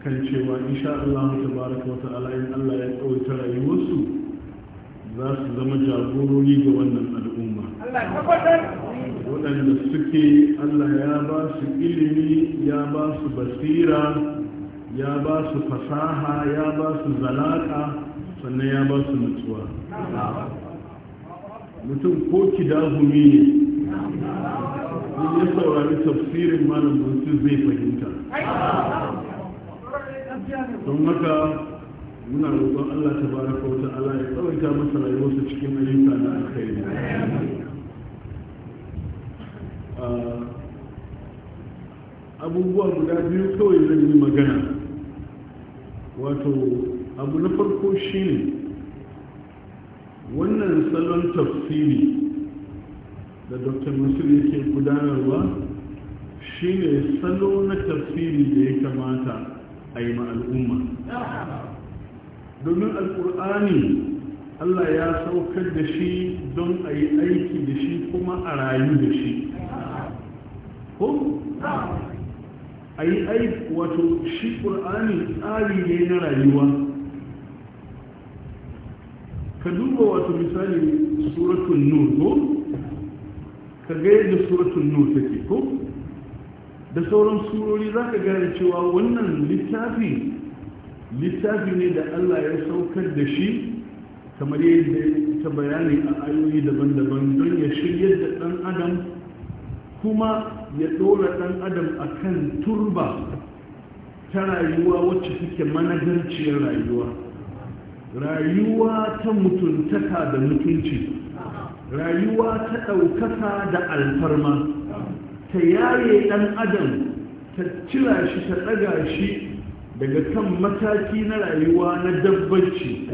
kan cewa insha Allah tabaraka wa ta'ala in Allah ya tsawaita rayuwarsu za su zama jagorori ga wannan al'umma waɗanda suke Allah ya ba su ilimi ya ba su basira ya ba su fasaha ya ba su zalaka sannan ya ba su nutsuwa mutum ko kidahumi ne in ya saurari tafsirin malam zai fahimta don haka muna roƙon Allah ta fara kawata ala ya tsawaita masa rayuwarsa cikin ayyuka na alkhairi abubuwa guda biyu kawai zan yi magana wato abu na farko shine wannan salon tafsiri da dr musul yake gudanarwa shine salo na tafsiri da ya kamata a yi al'umma domin alƙur'ani allah ya saukar da shi don a yi aiki da shi kuma a rayu da shi ko? a yi aiki wato shi ƙur'ani tsari ne na rayuwa ka duba wato misali suratun nur ko? ka ga yadda suratun nur take ko? da sauran surori za ka gane cewa wannan littafi littafi ne da allah ya saukar da shi kamar yadda ta bayani a ayoyi daban-daban don ya shirya da ɗan adam kuma ya ɗora ɗan adam a kan turba ta rayuwa wacce suke managanciyar rayuwa rayuwa ta mutuntaka da mutunci rayuwa ta ɗaukaka da alfarma ta yaye ɗan adam ta cira shi ta ɗaga shi daga kan mataki na rayuwa na dabbaci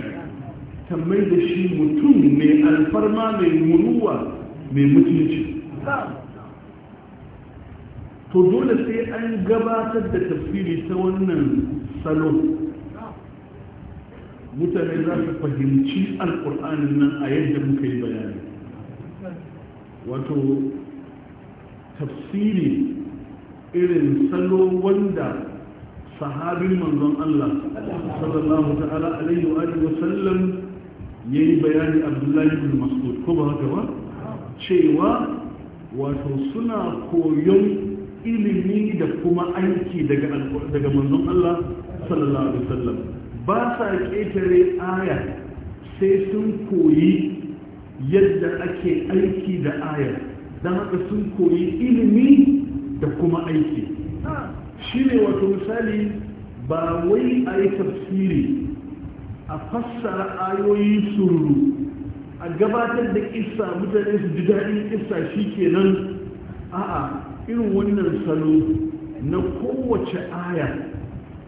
ta mai da shi mutum mai alfarma mai muruwa mai mutunci to dole sai an gabatar da tafsiri ta wannan salo mutane za su fahimci alkur'anin nan a yadda muka yi bayani wato tafsiri irin salo wanda sahabin manzon Allah sallallahu ta'ala alaihi wa alihi wa sallam yayi bayani Abdullahi bin Mas'ud ko ba haka ba cewa wato suna koyon ilimi da kuma aiki daga daga manzon Allah sallallahu alaihi wa sallam ba sa ketare aya sai sun koyi yadda ake aiki da ayar don haka sun koyi ilimi da kuma aiki shi ne wato misali ba wai a yi tafsiri a fassara ayoyi sururu a gabatar da kissa mutane su ji daɗin kissa shi kenan a'a irin wannan salo na kowace aya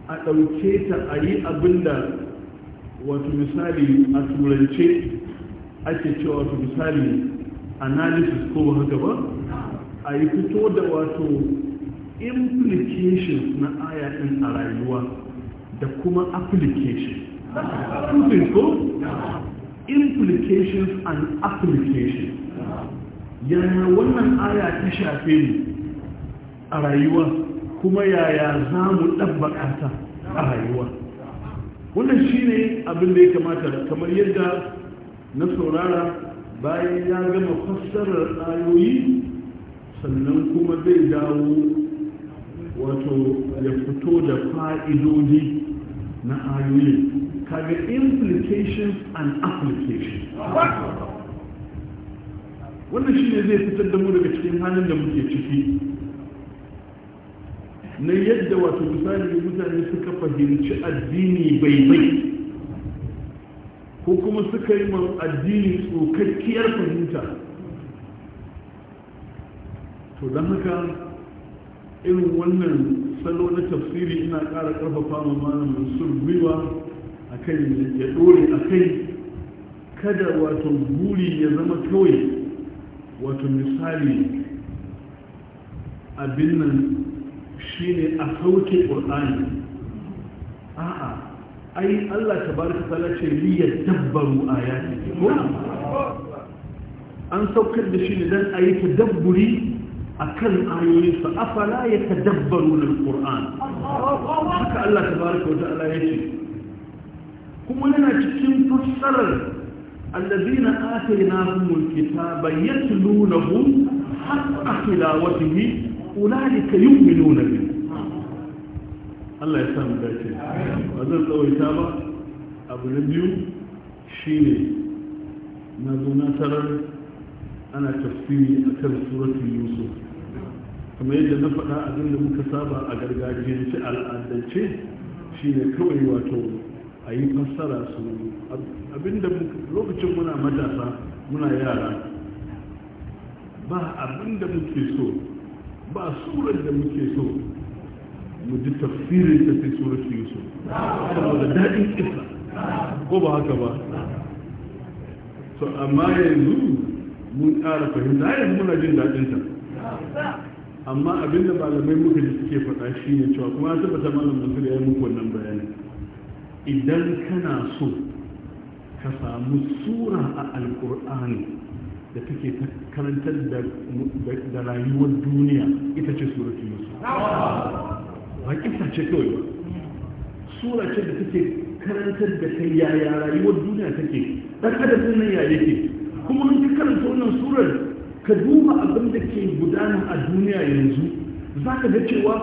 a ɗauke ta a yi abin da wato misali a turance ake cewa wato misali analysis ko ba haka ba a yi fito da wato implications na aya a rayuwa da kuma application two ko implications and application yana wannan aya ta shafe ne a rayuwa kuma yaya za mu ɗabbaƙa a rayuwa wannan shi ne abin da ya kamata kamar yadda na saurara bayan ya gama fassarar ayoyi sannan kuma zai dawo wato ya fito da fa'idodi na ayoyi kaga implications and applications wannan shi ne zai fitar da mu daga cikin halin da muke ciki na yadda wato misali mutane suka fahimci addini bai bai ko kuma suka yi mun addini tsokakkiyar fahimta to don haka irin wannan salo na tafsiri ina ƙara ƙarfafa ma malam mansur gwiwa a kan ya ɗore a kai kada wato buri ya zama kawai wato misali abin nan shine a sauke ƙur'ani a'a ai Allah tabaraka ta'ala ce li yadabbaru ko, an saukar da shi ne dan ayi a akan ya ta dabbaru na alquran haka Allah tabaraka ta'ala yace kuma yana cikin fassarar الذين آتيناهم الكتاب يتلونه حق تلاوته yi يؤمنون به Allah ya samu dace ba zan tsawaita ba abu na biyu shi ne. na zo na tarar ana tafsiri a kan suratun yusuf kuma yadda na faɗa abin da muka saba a gargajiyance al'adance shi ne kawai wato a yi fassara su abinda lokacin muna matasa muna yara ba abinda muke so ba surar da muke so mu ji tafsirin ta sai surat yusuf saboda daɗin kisa ko ba haka ba so amma yanzu mun ƙara fahimta yanzu muna jin daɗin ta amma abinda malamai muka ji suke faɗa shi ne cewa kuma ya tabbata malam mansur ya yi muku wannan bayanin idan kana so ka samu sura a alkur'ani da take karantar da rayuwar duniya ita ce suratu yusuf ba kisa ce kawai ba sura ce da take karantar da kai yaya rayuwar duniya take ɗan adam din nan ya yake kuma mun karanta wannan surar ka duba abin da ke gudana a duniya yanzu za ka ga cewa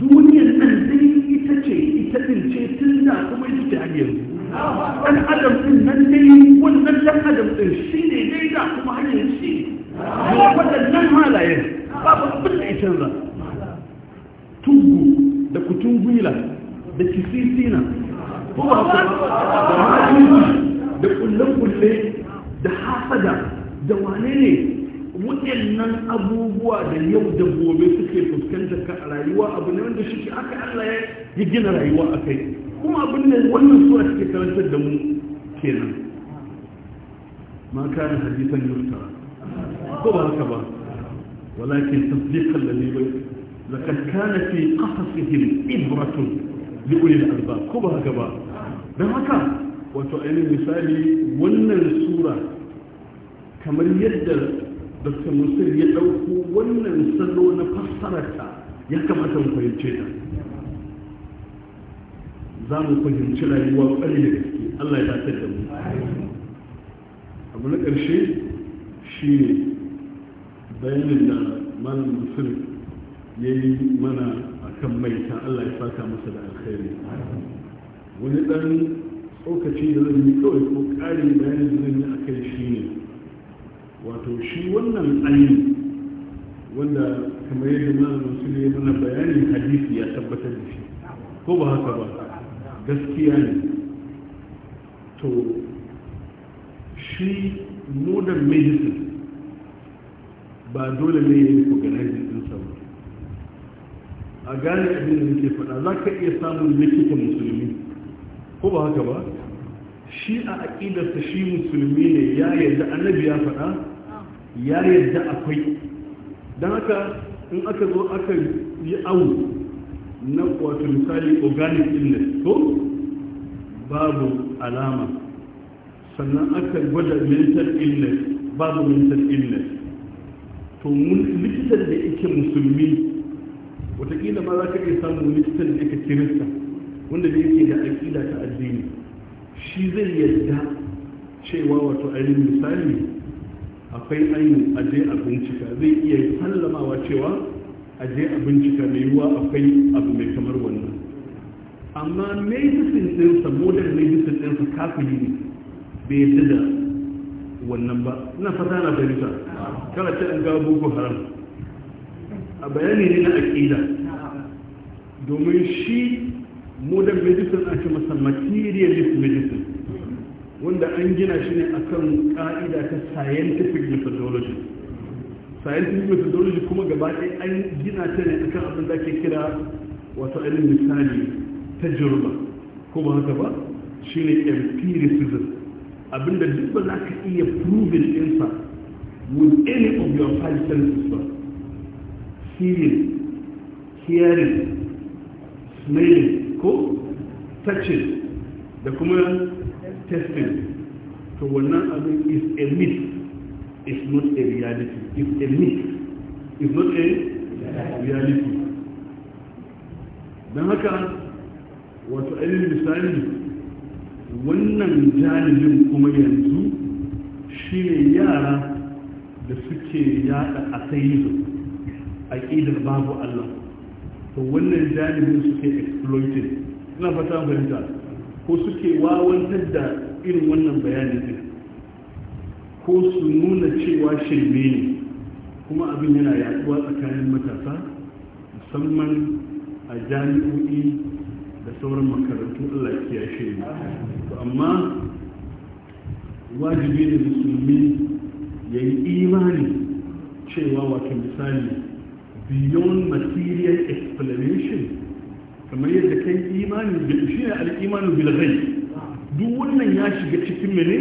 duniyar nan dai ita ce ita din ce tun da kuma ita ce har yanzu dan adam din nan dai wannan dan adam shi ne dai da kuma har yanzu shi ne waɗannan halayen babu abin da ya canza tugu da kutun gwila da kisisina da hanyoyi da kulle da hasada da wane ne waɗannan abubuwa da yau da gobe suke fuskanta ka a rayuwa abu ne wanda shi aka Allah ya gina rayuwa a kai kuma abin da wannan sura take karantar da mu kenan ma kana hadisan yurta ko ba haka ba walakin tasdiqan ne bai لقد كان في قصصهم إبرة لأولي الألباب كما هكذا بهكا وتعين مثالي ون السورة كما يدل بس المسير يدوكو ون السلو نفسرتا يكما تنفهم شيئا za mu fahimci rayuwa ƙwari da gaske Allah ya dace da mu abu na ƙarshe shi ne bayanin da malam musulun ya yi mana a kan ta allah ya fata masa da alkhairi wani ɗan tsokaci da zan yi kawai ko ƙarin bayani da zan yi a kai shi ne wato shi wannan ayin wanda kamar yadda mana masu ne mana bayanin hadisi ya tabbatar da shi ko ba haka ba gaskiya ne to shi modern medicine ba dole ne ya yi organizing a gane abin da muke faɗa za ka iya samun likita musulmi ko ba haka ba shi a aƙidarsa shi musulmi ne ya yarda annabi ya faɗa ya yarda akwai don haka in aka zo aka yi awu na wato misali organic illness ko babu alama sannan aka gwada mental illness babu mental illness to likitan da yake musulmi wataƙila ba za ka iya samun ministan da yake kirista wanda da yake da aƙida ta addini shi zai yadda cewa wato ainihin misali akwai ainihin aje a bincika zai iya sallamawa cewa aje a bincika mai yiwuwa akwai abu mai kamar wannan amma medicine ɗinsa modern medicine ɗinsa kafin ne bai yadda da wannan ba ina fata na fahimta Kana ce an gawo boko haram a bayani ne na aƙida domin shi modern medicine ake masa materialist medicine wanda an gina shi ne akan ƙa'ida ta scientific methodology scientific methodology kuma gaba ɗaya an gina ta ne akan abin da ake kira wato ainihin misali ta jirba ko ba haka ba shi ne empiricism abinda duk ba za ka iya proving ɗinsa with any of your five senses ba seeing hearing smelling ko touching da kuma testing to wannan abin is a myth is not a reality is a myth is not a reality don haka wato ainihin misali wannan janibin kuma yanzu shi ne yara da suke yada asayizu aƙidar babu Allah to wannan su suke exploited ina fata fahimta ko suke wawantar da irin wannan bayanin din ko su nuna cewa shirme ne kuma abin yana yaduwa tsakanin matasa musamman a jami'o'i da sauran makarantu Allah ya ne to amma wajibi ne musulmi ya yi imani cewa wata misali beyond material explanation kamar yadda kai imani shi ne al'imanu bil ghaib duk wannan ya shiga cikin mene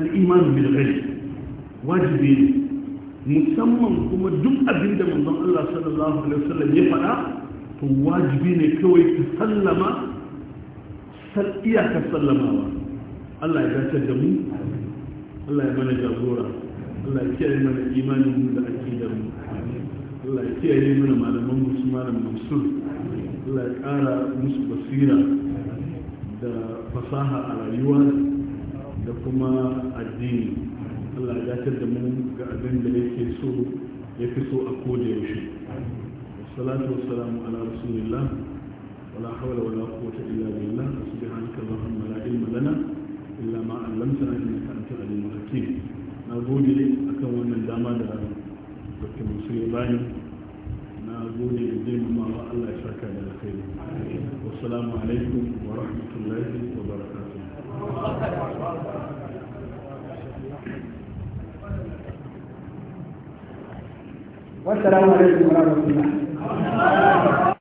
al'imanu bil ghaib wajibi ne musamman kuma duk abin da manzon Allah sallallahu alaihi wasallam ya faɗa to wajibi ne kawai ka sallama salliya ka sallamawa Allah ya dace da mu Allah ya mana jagora Allah ya kiyaye mana imanin mu da aqidar mu Allah ya kiyaye mana malaman musu malam mansur Allah ya ƙara musu basira da fasaha a rayuwa da kuma addini Allah ya dace da mu ga abin da yake so ya fi so a koda yaushe salatu wassalamu ala rasulillah wala hawla wala quwwata illa billah subhanaka allahumma la ilma lana illa ma 'allamtana innaka antal alimul hakim na gode akan wannan dama da Dr. Musa ya bani na gode da zai nuna wa Allah ya saka da alkhairi wassalamu alaikum wa rahmatullahi wa barakatuh